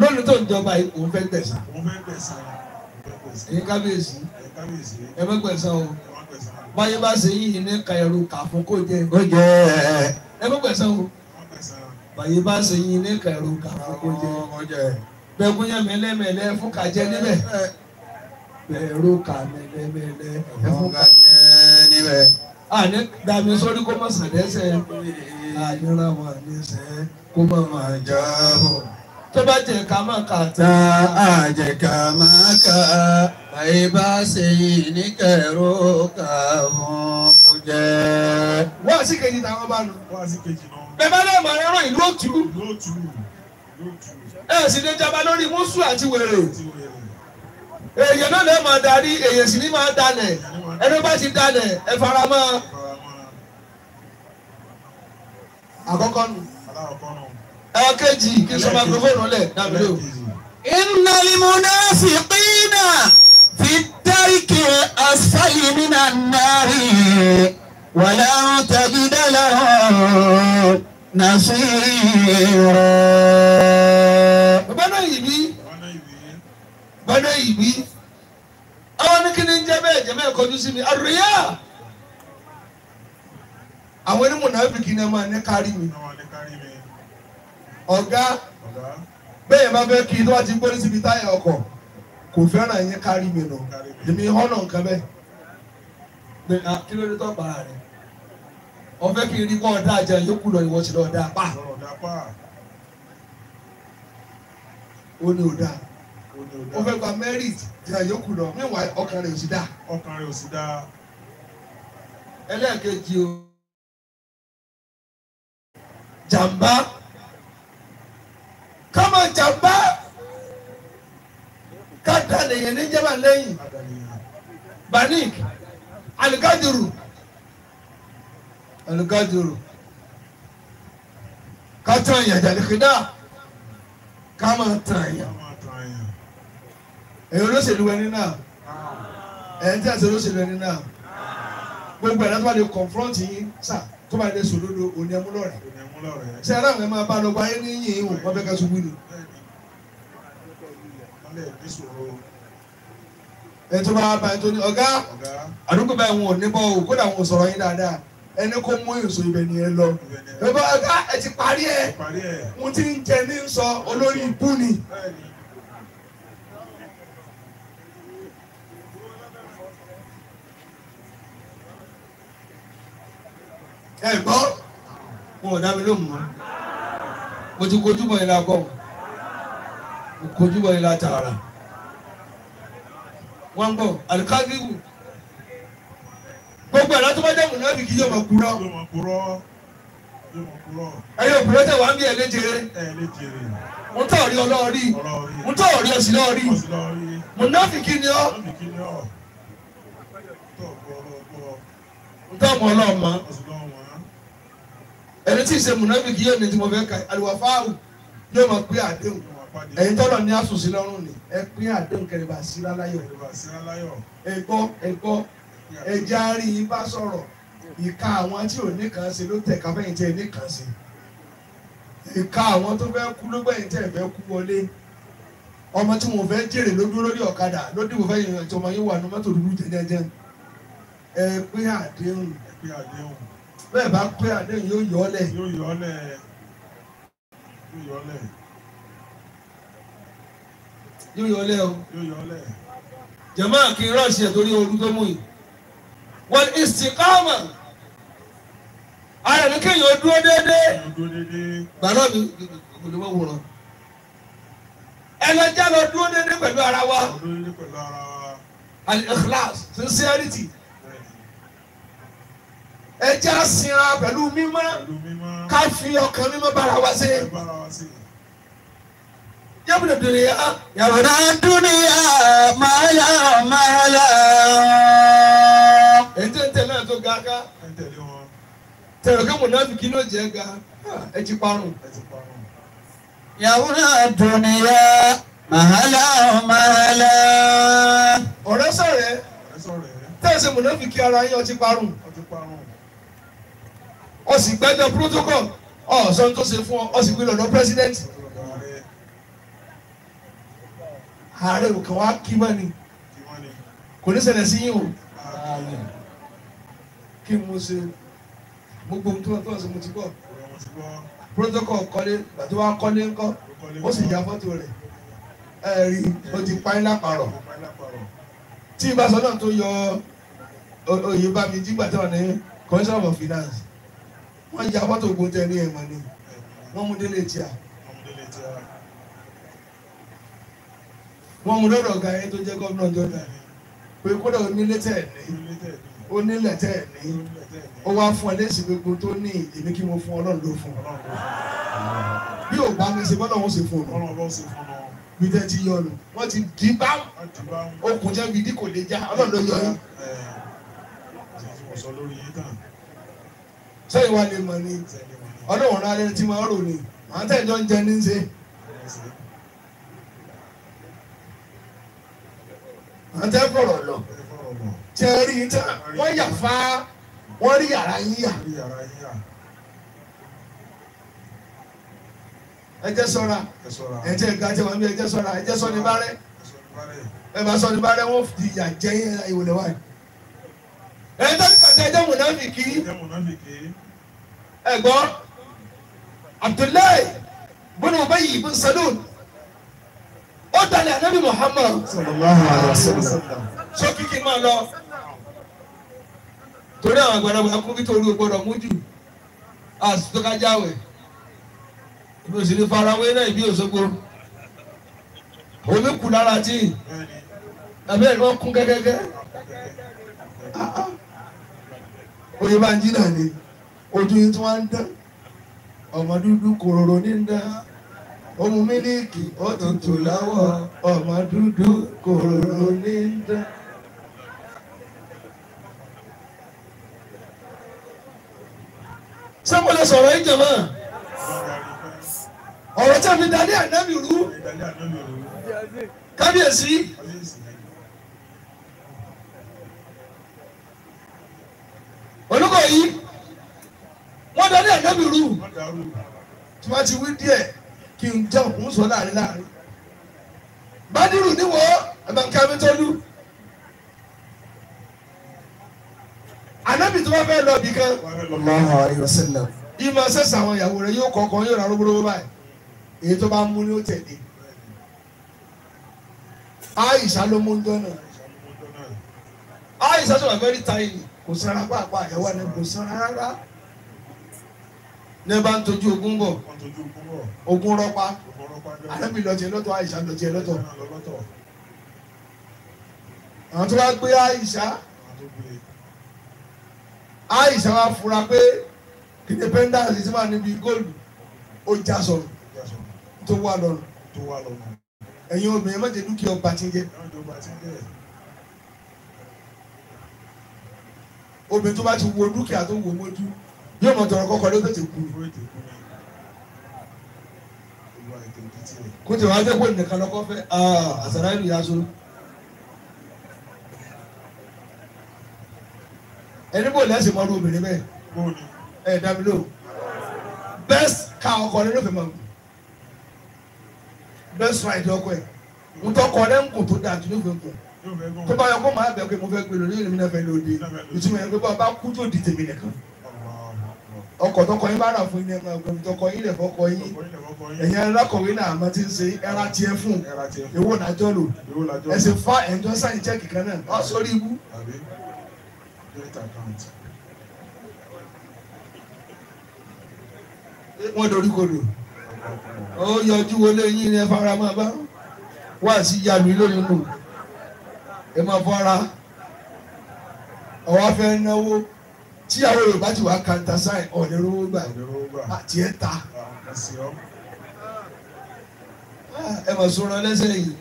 lónìí tó ń jọba ipò ń fẹ́ gbẹ̀sán èyí kábíyèsí ẹ fẹ́ gbẹ̀sán o báyé bá ṣe yìí ní kàyẹ̀rù kà fún kò jẹ ẹ fẹ́ gbẹ̀sán o bàyè bá ṣe yin ilé kẹrù kàkókò jẹ bẹkúnyẹ mẹlẹmẹlẹ fúnkà jẹ níbẹ̀ bẹẹrù kà mẹlẹmẹlẹ fúnkà jẹ níbẹ̀. àní dàbí sórí kó má sàdẹ́sẹ̀ àdúrà wà níṣẹ́ kó má má jà bọ̀. tó bá jẹ ká má kà tá a jẹ ká má kà bàyè bá ṣe yin ilé kẹrù kàkókò jẹ. wọ́n á sì kejì táwọn bá lò. wọ́n á sì kejì náà bẹ́ẹ̀ náà mọ̀ ẹran ìlú òtù ẹ̀ sì lè jaba lórí mùsùlù àti wèrè èèyàn náà lè máa darí èèyàn sì ní máa dalẹ̀ ẹni bá ti dalẹ̀ ẹ fara mọ́ àkọ́kọ́ nù ẹ̀ẹ́kejì kí n sọ ma gbogbo lẹ̀ dàbí o. iná limu náà fi pín náà fi dárìkì asálì nínà náà rí i wàlẹ́ àwọn tẹ̀bí dẹ́lẹ̀ rọ̀ nàṣí rọ̀. bọ́dọ̀ yìí bí bọ́dọ̀ yìí bí àwọn ní kí ni jẹ́ bẹ́ẹ̀ jẹ́ bẹ́ẹ̀ kọjú sí mi àríyá àwọn onímọ̀nà áfíríkì náà máa ní kárí mi ọ̀gá bẹ́ẹ̀ bá fẹ́ kí ni wọ́n ti gbé síbi táyà ọkọ̀ kò fẹ́ràn yín kárí mi nù èmi họ́nà nǹkan bẹ́ẹ̀ kí ló dé tó pa ara rẹ̀. wọ́n fẹ́ kí n rí kọ́ ọ̀dà lọ ìwọ́n ti lọ ọ̀dà pa. ó ní ọ̀dà ó fẹ́ gba yókù lọ ọkàn rẹ̀ ò sí dá. ọkàn rẹ̀ ò sí dá. ẹlẹ́ẹ̀kejì o jàmbá jàmbá ká dalẹ̀ yẹn lẹ́yìn banik alikajuru. alukaduru ká tàn yàn jàdìkídà tranya. máa tàn yàn èyí olóṣèlú ẹni náà ẹni tí a ṣe olóṣèlú ẹni náà gbogbo ẹ̀dá tó bá lè confront yín sáà tó bá lè sòdodo òní ẹmúlọ̀rẹ́ ṣé ara àwọn ẹ̀ máa bá lọ bá yín níyìn ìwò wọn fẹ́ ká ṣubú ni. ẹ̀ tó bá bá ẹ̀ tó ní ọ̀gá àdúgbò báyìí wọn ò ní bọ́ ò kódà wọn ò sọ̀rọ̀ yín dáadáa ẹni kò mú èso ibẹ̀ nìyẹn lọ bàbá ọ̀gá ẹ ti parí ẹ mo ti ń jẹ ní sọ olórí ibú ni. ẹ gbọ́ mo ò dá mi lóhùn mọ́ mo ti kojú mọ́ ìlà kọ́ mo kojú mọ́ ìlà tààrà wọ́n ń bọ̀ alikadiru gbogbo ẹ̀rọ tó bá jẹ́ mùnàbí kì í yọmọ kúrọ́. yọmọ kúrọ́ yọmọ kúrọ́. ẹyọ òkúrọ́ tẹ̀ wá ń bí ẹ léjere. mo tọ̀ rí ọlọ́ọ̀rí mo tọ̀ rí ọ̀sìn lọ́ọ̀rí mùnàbí kì ni ọ́. mo tọ̀ mọ́ ọlọ́ọ̀mọ́. ẹni tí ì ṣe mùnàbí kì tí mo fẹ́ ka àlùwà yóò máa pé àdéhùn ẹ̀yin tọ́lọ̀ ní asòsí ni ẹ pín àdéhùn kẹrìbà sí láláyọ̀ ẹ̀gbọ́ ẹ̀gbọ́ ẹja rí i bá sọ̀rọ̀ ìka àwọn tí ò nìkan ṣe ló tẹ̀ka fẹ́yìn tí ẹ nìkan ṣe ìka àwọn tó fẹ́ kú ló gbẹ̀yìn tẹ̀ fẹ́ kú wọlé ọmọ tí mo fẹ́ jèrè ló dúró lórí ọ̀kadà ló dìbò fẹ́yìn ìrìnàjò ọmọ yín wà ní mọ́tò dúdú jẹjẹjẹ ẹ pé àdéhùn ẹ pé àdéhùn bẹ́ẹ̀ bá pé àdéhùn yóò yọ ọ́lẹ̀ yóò yọ ọ́lẹ̀ yóò yọ ọ́lẹ̀ yóò yọ ọ́lẹ̀ o yóò yọ ọ́lẹ̀ jẹ̀mọ́ kí n rọ̀ọ̀ṣì ẹ̀ torí ooru tó mú yìí wal istiqama ara ní kéèyàn dúró déédéé gbàdọ́ mi kò ní wọ́n wúran ẹlẹ́jà lọ dúró déédéé pẹ̀lú ara wa al-ikhlas sincerity ẹjẹ́ àsìnra pẹ̀lú mímọ́ ká fi ọkàn mímọ́ bára wa ṣe yabuna duniya yabuna duniya mala mala ga ká tẹ̀wé kí mùnàfíkì ló jẹ́ ga ẹ ti parun. yàwúrà dùnìyà màhálà màhálà. ọ̀rẹ́ sọ̀rẹ́ tẹ̀sí mùnàfíkì ara yín ó ti parun ó sì gbẹ́jọ́ protocol ọ̀sán tó ṣe fún ọ ó sì gbé lọ́dọ̀ president ààrẹ òkè wa kí mọ́ ni kò ní ṣẹlẹ̀ sí yín o kí n mo ṣe gbogbo ohun tó wà tó wà sí mo ti gbọ́ protocol kọ́lé gbàtí wàá kọ́lé ńkọ́ ó sì ya fọ́tò rẹ̀ ẹ rí o ti pa iná pààrọ̀ tí ìbáṣọ náà tó yọ oyè bá mi dígbà tí wọ́n ní commissioner of finance wọ́n ya fọ́tò ogun tẹ ní ẹ̀mọ́ ni wọ́n mú délé tíà wọ́n mú lọ́dọ̀ ọ̀gá yẹn tó jẹ́ gómìnà jọ́dá pé kódà onílé tẹ̀ ní. onílẹ̀ tẹ́ ẹ̀ o ó wá fún ẹ lẹ́sìn gbogbo tó ní èmi kí mo fún ọlọ́run ló fún ọ. bí ò ṣe ṣe fún bí ti yọ wọ́n ti dín bá okùn jẹ́ gidi kò lè já ọlọ́run ló yọ yín. sẹ́yìn wá ni ọlọ́run tí rò ní àwọn jọ ń jẹ ní ṣe. tẹ rí i tán wọ́n yà fá wọ́n rí yàrá yín yà. ẹ jẹ́ ṣọ́ra ẹ jẹ́ gajẹ wọn bí ẹ jẹ́ ṣọ́ra ẹ jẹ́ sọni bárẹ ẹ bá sọni bárẹ wọ́n fi ìyà jẹ yín ìwòlẹ̀ wáyé. ẹ tẹ́lẹ̀ kàtẹ́ ẹ jẹ́ mùnáfìkì ẹ gbọ́ Abdullahi bọ́nà ọba yìí bọ́n Salul ó dalẹ̀ anabi Muhammad sallallahu alaihi wasallam sọ kíkì máa lọ torí àwọn àgbàlagbà kú nítorí o gbọ́dọ̀ mójú àsìkò kájáwé ibi òsèlú farawé náà ibi òsogbo omi kù lára tí àbẹ ẹni wọn kún kẹkẹkẹ oyè bá ń jí náà ni ojú yìí tí wọn ń dán ọmọ dúdú kòròrò ní ń dán ọmọ mílíkì ọtútù láwọ ọmọ dúdú kòròrò ní ń dán. ṣé mo lè sọ̀rọ̀ yín jẹ̀mọ́ ọ̀rọ̀ tẹ̀mí dalí ànábì rú kábíyèsí. Olúkòyí wọ́n dalí ànábì rú tí wọ́n ti wí díẹ̀ kí n jẹun kún sọ láàrin láàrin. Bádìrú níwọ̀ ẹ̀bẹ̀ nǹkan mi tọ́jú. anabi tó bá fẹ́ lọ bì kan. ìmọ̀ sẹ́sẹ̀ àwọn ìyàwó rẹ̀ yóò kọ̀ọ̀kan yóò rárá gbogbo báyìí èyí tó bá mú ni ó tẹ̀lé. Aisha ló mú dọ́nà Aisha sọ̀rọ̀ very tiny kò sanra pàápàá ìyàwó ẹ̀ kò sanra rárá ní bá ń tọ́jú ogun bọ̀ ogun rọpa Ànábì lọ́tì lọ́tọ̀ Àìṣà lọ́tì lọ́tọ̀ àwọn tó bá gbé Àìṣà àìsàn wa fura pé independence ti wà níbi góòlù ó já sọ̀rọ̀ tó wà lọ́rùn tó wà lọ́rùn ẹ̀yin obìnrin má jẹ́ dúkìá ọba tí ń jẹ́ obìnrin tó bá ti wo dúkìá tó wò mójú yóò mọ̀ tọrọ kọ́kọ́ ló tètè kú kó tẹ̀ wá jẹ́ pé nìkan lọ́kọ́ fẹ́ ah, àṣàrà ìlú yà ẹni bò lẹ́sìn mọ́rú obìnrin bẹ́ẹ̀ ẹ best ka ọkọ rẹ ló fẹ́ best ride ọkọ ẹ ntọkọ rẹ ń kò tó dáa tó ló fẹ́ tó bá yọ kó máa bẹ̀ pé mo fẹ́ gbé lórí ìlú fẹ́ lóde ìtumọ̀ yẹn pé bá kú tó di tèmi nìkan ọkọ̀ tọkọ yín bá rà fún yín ẹ̀ka ọkọ̀ tọkọ yín lè fọkọ yín ẹ̀yìn alákọ̀wé náà àmọ́ ti ń ṣe ẹ̀rá tiẹ̀ fún ìwọ ẹ̀sìn fa ẹ̀jọ́ sáyìn jẹ́ kíkan náà ọ̀ ibú joint account. wọ́n dorí kodò ó yọjú wọlé yín ní fara máa bá wá sí yàlú lónìí nù ẹ máa fara ọwọ́ fẹ́ náwó tí àwọn Yorùbá ti wá kanta sáì ọ̀dẹ̀rọ̀wó gbà àti ẹ̀ ta ẹ mọ̀ sọ̀rọ̀ lẹ́sẹ̀ yìí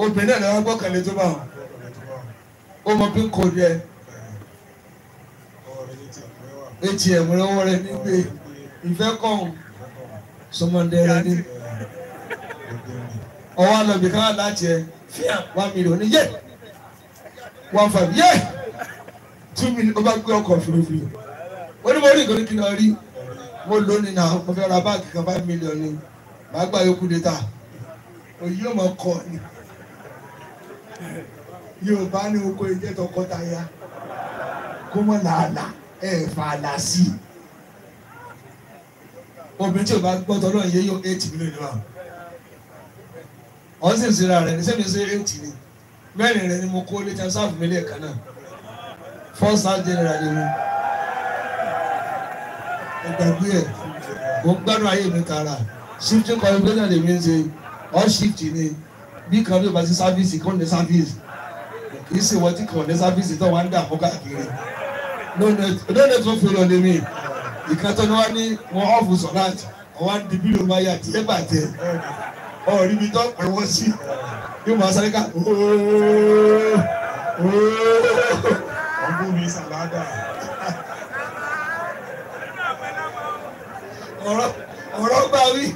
obìnrin náà lọ́wọ́ gbọ́kànlé tó bá wọn ó mọ pé kò rí ẹ atm lọ́wọ́ rẹ nígbè ìfẹ́ kàn sọmọdé rẹ ní. ọwọ́ àlọ́bì káwá láti ẹ fíà one million ní yẹ one five yẹ two million ó bá gbé ọkọ̀ fìrìfìrì onímọ̀rí ìkọ́ni kí n lọ rí mo lónìí náà mo fẹ́ ra báàgì kan five million ni màá gbà yókù data òyìn yóò máa kọ ni yorùbá ní oko ìjẹ́ tọkọtaya kó mọ̀ làálàá ẹ fàlà sí i obìnrin tí o bá gbọ́ tọ́ lọ́yìn yóò eight million ní wa ọ̀hún sì ń sinra rẹ̀ ní sẹ́mi sí eight ni mẹ́rin rẹ̀ ni mo kó létí asáàfù mi lẹ́ẹ̀kan náà first half general ni mo ìgbàgbé ẹ̀ mo ń gbádùn ayé mi tààrà shifting coordinator lèmi ń ṣe all shift ni bí kan bí o bá ṣe sáfíìsì kò ní sáfíìsì kì í ṣe wọ́n tí kò ní sáfíìsì tó wà ń dà fún káàkiri no net no net wọn fẹlẹ ọdẹ mi ìkàtọ ni wọn ní wọn ọfù sọláàt wọn di bí lóun bá yà tí ẹ bá tẹ ọ ríbi tó ọwọ sí yóò máa sáré ká ooo ọgbọ́n mi sàládà ọ̀rọ̀ ọ̀rọ̀ gbà wí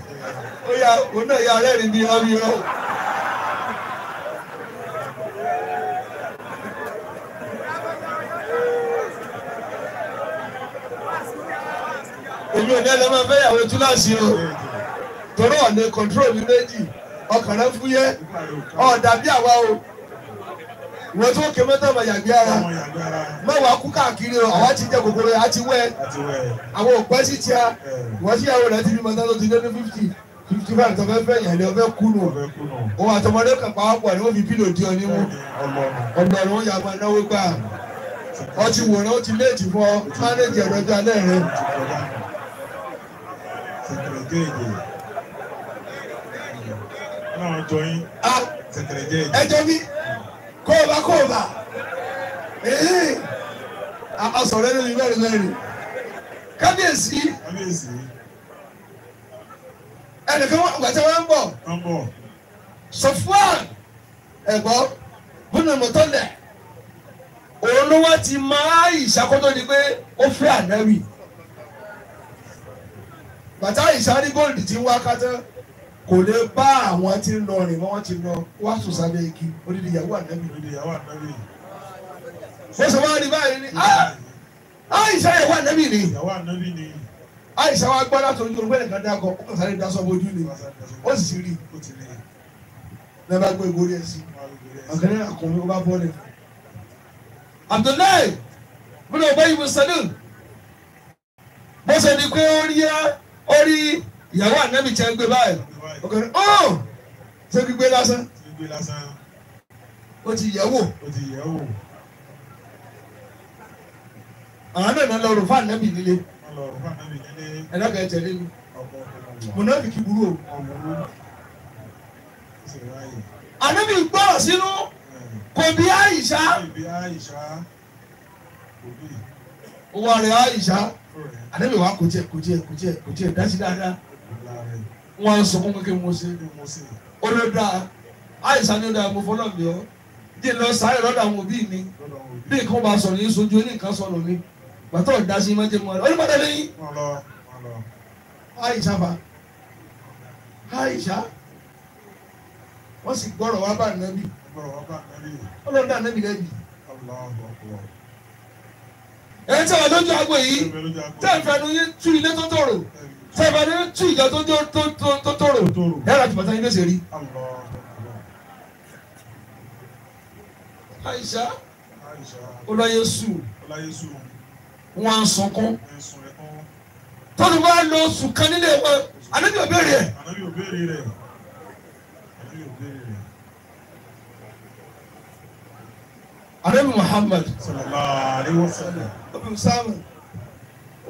ó yà ó náà yà rẹ́rìn bí rọ́ èmi ò ní ẹlẹ́ máa fẹ́ ìyàwó túláàsì o torí ọ̀nà kọ̀ńtrol méjì ọkàn rẹ fúyẹ́ ọ̀dà bí àwa o wọ́n tó ké mẹ́ta ọmọ yàgbé ara mẹ́wàá kú káàkiri o àwa ti jẹ kòkòrò yà á ti wẹ́ àwọn òpẹ́ sì tíya wọ́n sì yàwó rẹ ti bí mọ́tà tó ti dé ní fífítì fifty five tó fẹ́ fẹ́ yẹn ni ọbẹ̀ kúnnù òun àtọmọdé kan pàápàá ni wọ́n fi pílò di ọní mú ọ̀dọ̀ ni wọ́n yà máa náwó gbà ọtí wòran ó ti léètì fún ọ mánéjì ẹ̀rọ ọjọ́ alẹ́ rẹ sẹ̀kẹ̀rẹ̀ jẹ́ èdè náà jọ yín sẹ̀kẹ̀rẹ̀ jẹ́ èdè. ẹ jẹ́ bí kóòbá kóòbá èyí àpasọ̀rọ̀ ẹni lẹ́rìí lẹ́rìí kábíyèsí kábíyèsí ẹnìkan gbàtẹ́ wọn ń bọ̀ sọfúàn ẹ̀gbọ́ bùnà mọ́tọ́lẹ̀ òun ló wá ti máa ìṣàkóso ni pé ó fẹ́ ànáwì bàtà ìsárí gold ti ń wá kátán kò lè bá àwọn tí ń lọ rìn mọ́ wọ́n ti lọ wá sùn sábẹ́ igi odidi ìyàwó ànábì odidi ìyàwó ànábì. ó sọ wá rí báyìí ni àìsàn ah! ah, ìyàwó ànábì ni àìsàn ah, wa gbọ́dọ̀ tó ojú olùgbẹ́lẹ̀ kan dákọ̀ ó kàn sáré dasọ́ bojú ni ó sì rí lẹ́bàá gbé ìgbórí ẹ̀ sí ọ̀kẹ́rẹ́ àkùnrin ó bá bọ́ lẹ̀. Abdullahi bí lóò bá yìí mú sẹ́dùn bó ṣe ni pé ó rí ẹ́ ó rí ìyàwó ànábì tí a ń gbé báyìí ọkọ ní ó ṣe gbígbé lásán ó ti yẹ̀wò àwọn náà lọ rò fún ànábì nílé ẹlẹ́gàá ẹ̀jẹ̀ lé mi mùnáfìkì burú o ànábì gbọ́rọ̀ sínú kò bí àyíṣá òwò rẹ̀ àyíṣá ànábì wa kò tiẹ̀ kò tiẹ̀ kò tiẹ̀ kò tiẹ̀ dasi dáadáa wọn sọ fún kékeré mose ó ló dáa àìsàn ni ó dáa mo fọlọ́ mi ọ́ díẹ̀ lọ sáré lọ́dọ̀ àwọn òbí mi bí nǹkan bá sọ̀rọ̀ yín sojú oníkan sọ̀rọ̀ mi bàtà ọ̀dà sí má jẹ́ mu ọ̀rẹ́ ọ̀rẹ́ mọ́tẹ́lẹ́ yín. àìsàn fa àìsàn wọ́n sì gbọ́rọ̀ wá bá ànábì ọlọ́dọ̀ ànábì lẹ́bi ẹ̀ ń sọ wà lójú agbo yìí tẹ́ ẹ̀ fẹ́nu yín tú ilé tó tòrò tẹ́ ẹ̀ fẹ́nu yín tú ìjọ tó tòrò ẹ̀ rà jùmọ̀tá yín lóṣèlú. Aisha Ọláyésù wọn à ń sunkún tọ́lù bá lọ oṣù kan nílé wọn ànábì òbéèrè ẹ̀. Ànábì Muhammad. Sallallahu alaihi wasallam ọmọ sáwọn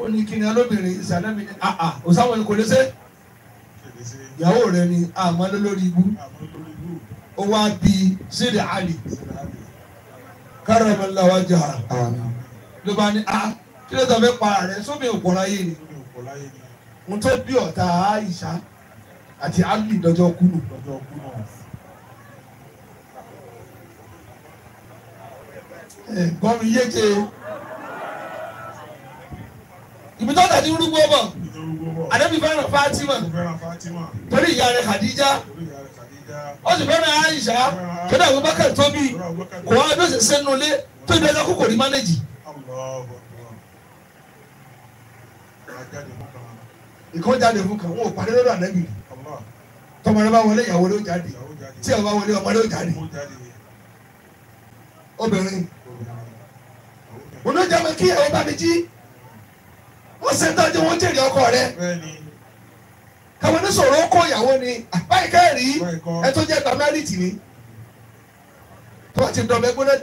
ó ní kí ni alóbìnrin ìsàlámì ní àà òsáwọn ni kò lè ṣe ìyàwó rẹ ni àmọ́ lórí ibú ó wá bí sídìí àlì karamallahu wajhahu ló bá ní a kí ló tàbí pa rẹ sómi òpòlá yé ni mo tó bí ọ̀tá àìsà àti àlì dọjọ́ kúnù. gbọ́n mi yé ke ibi tó tẹ̀ ní rúgbó bọ̀ ànábì fẹ́ràn Fatima torí ìyá rẹ̀ Khadija ó sì fẹ́ràn Aisha torí Abubakar tóbi kò wá bí ó sì sẹ́nu lé tó ibi ẹja kókò ní mánéjì. ìkọ́ jáde fún kan wọn ò parí lọ́dọ̀ ànábì tọmọdé bá wọlé ìyàwó ló jáde tí ìyàwó bá wọlé ọmọ ló jáde obìnrin olójà mi kí ìyàwó bá mi jí wọ́n ṣe ń tọ́jú wọn jèrè ọkọ rẹ kàwọn oníṣòro kó ìyàwó ni báyìí kẹ́rì ẹ tó jẹ́ gba ni tó bá ti dọ̀ mẹ́ gbóná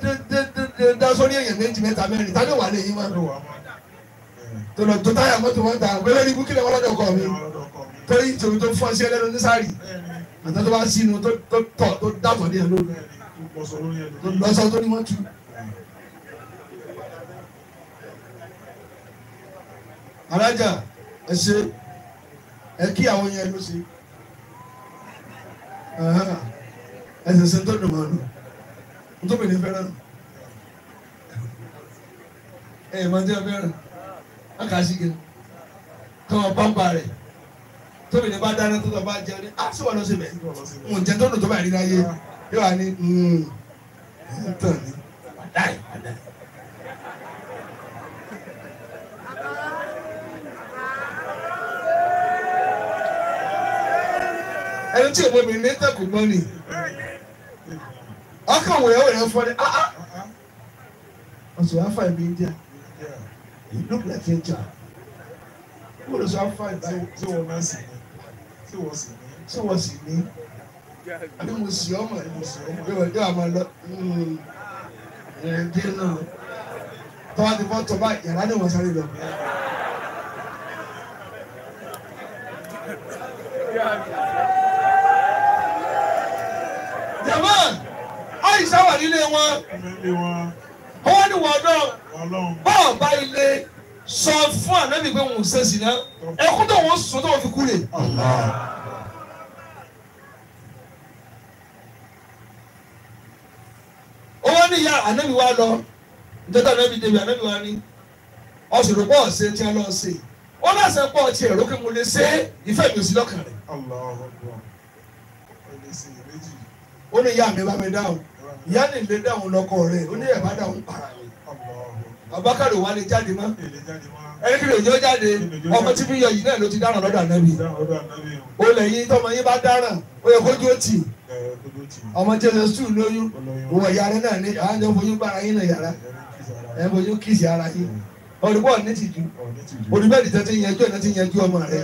dá sórí èèyàn méjì mẹ́ta mẹ́rin tá ló wà lẹ́yìn wọn tó tó táyà mọ́tò wọn ta wẹ́lẹ́ ní búkìlẹ̀ wọn lọ́dọ̀ ọkọ mi torí tòun tó fọ́ sí ẹlẹ́nu ní sáré àtàtọ́ sínú tó tọ̀ tó dàbọ̀ ní ẹ̀ lóru lọ́sọ̀ tó ní wọ́n tu. alájà ẹ ṣe ẹ kí àwọn yẹn ló ṣe ẹ ṣẹṣẹ tó dùn máa lò ó tó bìnrin fẹ́ràn ẹ ẹ máa jẹ́ fẹ́ràn á kà á sí kí kọ́ ọ pọ́ǹpà rẹ̀ tóbi ní bá dáná tó tọ́ bá jẹun ní àṣì ah, wà lọ́sẹ̀ bẹ́ẹ̀ mò ń jẹ tó dùn tó bá rí láyé yóò wá ní hmm. tàn ní ẹni tí èmi obìnrin ní tẹ̀kùn gbọ́n ni ọkàn wòye wòye fọ ni ah ah ọsọ afa ẹmi India you look like a jar wọ́n lọ sọ afa ẹ̀dá tí wọ́n náà sì ní tí wọ́n sì ní tí wọ́n sì ní àbí mo sì ọmọ ẹ̀ mo sì ọmọ ẹ̀ wọ́n hmm, dé àmọ́ lọ ẹ̀ẹ́dẹ́ náà tọ́wá ti bọ́ tọ́ báyìí yàrá ni wọ́n sáré lọ. Yeah. jàmá àìsàn wà nílé wọn ó wá ní wọ́dọ̀ bọ́ọ̀ bá ilé sọ fún ànábì pé wọn ṣe sí náà ẹkú tó wọn sùn tó wọn fi kú rè. ó wá ní ànábì wa lọ ìjọba ànábì débi ànábì wa ní ọ̀sùn pọ̀ ṣe tí a lọ ṣe ó láṣẹ pọ̀ tiẹ̀ lókè mo lè ṣe ìfẹ́ mi ò sí lọ́kàn rẹ̀. ó ní ìyá mi bá mi ya ìyá ní ilé dáhùn lọkọ rẹ ó ní ẹ̀bá dáhùn para mi wa lè jáde mọ ẹni kí lè jẹ́ jáde ọmọ tí fi yọ yìí náà ló ti dáràn lọ́dọ̀ ànábì o lè yí tọmọ yín bá dáràn ó yẹ kójú ó tì ọmọ jẹjẹrẹ sùn lóyún ìwọ ìyá rẹ náà ní àjọ fojú gbára yín náà yàrá fojú kìsì ara yín olùkọ́ ti olùbẹ́ẹ̀dì tẹ́tí yẹn ẹ̀ náà ti yẹn ọmọ rẹ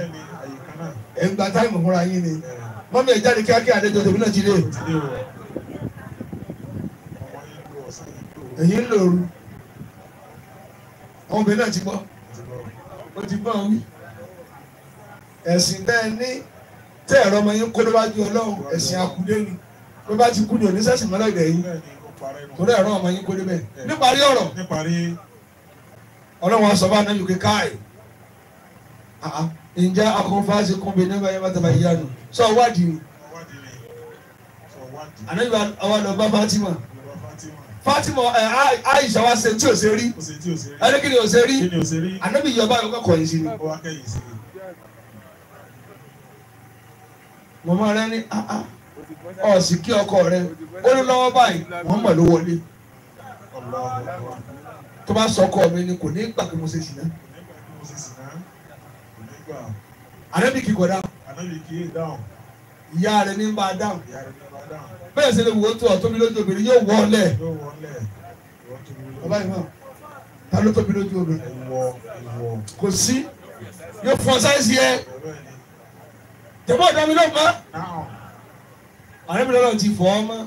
ẹ̀ ń gba mọ́mí ẹ̀ jáde kíákíá àdéjọ tèmi náà ti dé. èyí ń lòrú àwọn obìnrin náà ti gbọ́ ó ti gbọ́ wí ẹ̀sìn bẹ́ẹ̀ ní tẹ́ ẹ̀rọ ọmọ yín kó ló bá ju ọlọ́run ẹ̀sìn àkúdé ni ló bá ti kú ní oníṣẹ́sìn mọ́lẹ́gbẹ̀ẹ́ yín torí ẹ̀rọ ọmọ yín kó débẹ̀ níparí ọ̀rọ̀ ọlọ́run aṣọ bá náà yòókè káàyè ǹjẹ́ akọ̀nfàṣe kọ́ńbé ní báyìí bàtà báyìí yánu sọ wádìí ànábì àwọn ba Fatima Fatima ẹ Aisha wa ṣe tí o ṣe rí ẹni kí ni o ṣe rí ànábì yọba yọkọ kọyìn sí ni mọ̀mọ́ rẹ ní ah, ah, ọ̀sìn kí ọkọ rẹ ó ní lọ́wọ́ báyìí wọ́n mọ̀ ló wọlé tó bá sọ mi ni kò ní gbà mo ṣe ṣìnà ànábì kì í kọ dáhùn. ànábì kì í dáhùn. ìyá rẹ̀ ní ń bá a dáhùn. ìyá rẹ̀ ní ń bá a dáhùn. bẹ́ẹ̀ sì ni wò ó tó ọ̀tún mi lójú obìnrin yóò wọ́ ọlẹ̀. yóò wọ́ ọlẹ̀. bàbá yìí náà ta ló tóbi lójú obìnrin. kò sí yóò fọ sáìsì yẹ. tẹ̀bọ́ ọ̀dọ́ mi ló mọ́. àrẹ́mi lọ́lọ́ ti fọ́ ọ mọ́.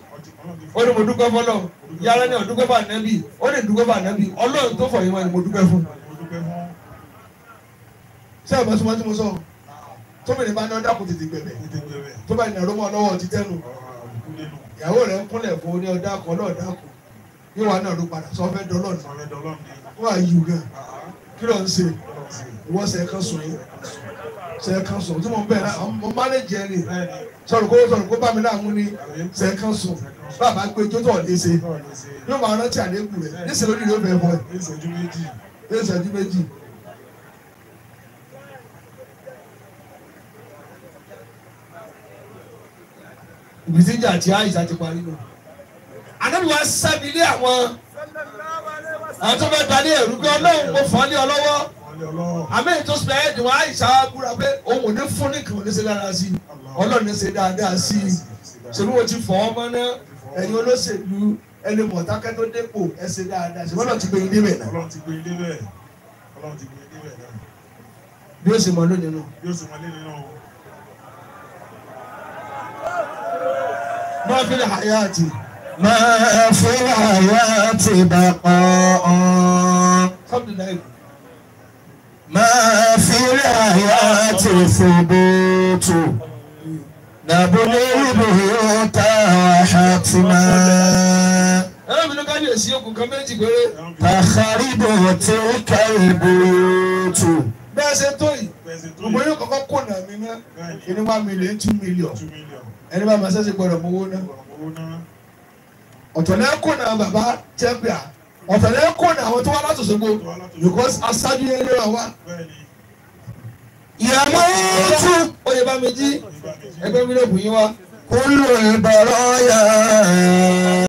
ó ní mo dúpẹ́ fọlọ́ yàrá ni ọ̀dúpẹ́ bá nẹ́bí ó ní dúpẹ́ bá nẹ́bí ọlọ́run tó fọ̀ yìí mọ́ ni mo dúpẹ́ fún un ṣé ẹ̀gbọ́n sọ wá tí mo sọ tóbìnrin bá ní ọdá kò tètè gbẹ̀bẹ̀ tó bá ní ẹ̀rọ mọ́ lọ́wọ́ ti tẹ́nu ìyàwó rẹ̀ ń kúnlẹ̀ fún ní ọdá kan náà dákun yóò wá náà ló padà sọ fẹ́ dọ́lọ́ọ̀nù wọ́n á yù gan kí ló ń ṣe ìwọ sẹ́ẹ̀kan sùn yìí sẹ́ẹ̀kan sùn tí mo ń bẹ̀rẹ̀ mo má lè jẹ ni sọ̀rọ̀ kó sọ̀rọ̀ kó bá mi láàmú ni sẹ́ẹ̀kan sùn bàbá gbé tó tọ̀ lé ṣe yóò máa rántí àlékún rẹ̀ ní ìṣèlú ni yóò fẹ́ bọ̀ ẹ̀ ní ìṣẹ́jú méjì ìbísíjà àti àìsà ti parí nù. àdébí wa sábì lé àwọn àwọn tó fẹ́ dalé ẹ̀rú pé ọlọ́run kò fọ́ ní ọlọ́wọ́ àmì ètò spẹ́ẹ́dì wọn àìsà búra pé òun ò ní fún ní kí wọn ní ṣe dáadáa sí i ọlọ́run ní ṣe dáadáa sí i ṣèlú wo ti fọ́ ọmọ náà ẹ̀yin olóṣèlú ẹni mọ̀tákẹ́ tó dépò ẹ ṣe dáadáa ṣe bọ́lá ti gbé ilé bẹ̀ náà. ọlọ́run ti gbé ilé bẹ̀ náà. bí ó sì mọ lónìí náà. bí ó sì mọ lónìí náà. ما في حياتي ما في حياتي بقاء ما في الحياة ثبوت نبني البيوت حتما تخرب تلك البيوت بس ṣe tó yìí òmòye kọ̀ọ̀kan kò nà mí ná ẹni bá màṣẹ́ ṣe gbọ́dọ̀ mowó náà ọ̀tọ̀ náà kò náà bàbá champion ọ̀tọ̀ náà kò náà àwọn tó wá láti Òṣogbo because aṣáájú yẹn lóra wa. ìyàmọ́ tún oyè bá mi jí ẹgbẹ́ mílíọ̀nù yín wá. kúlù ìbọ̀rọ̀ yẹn.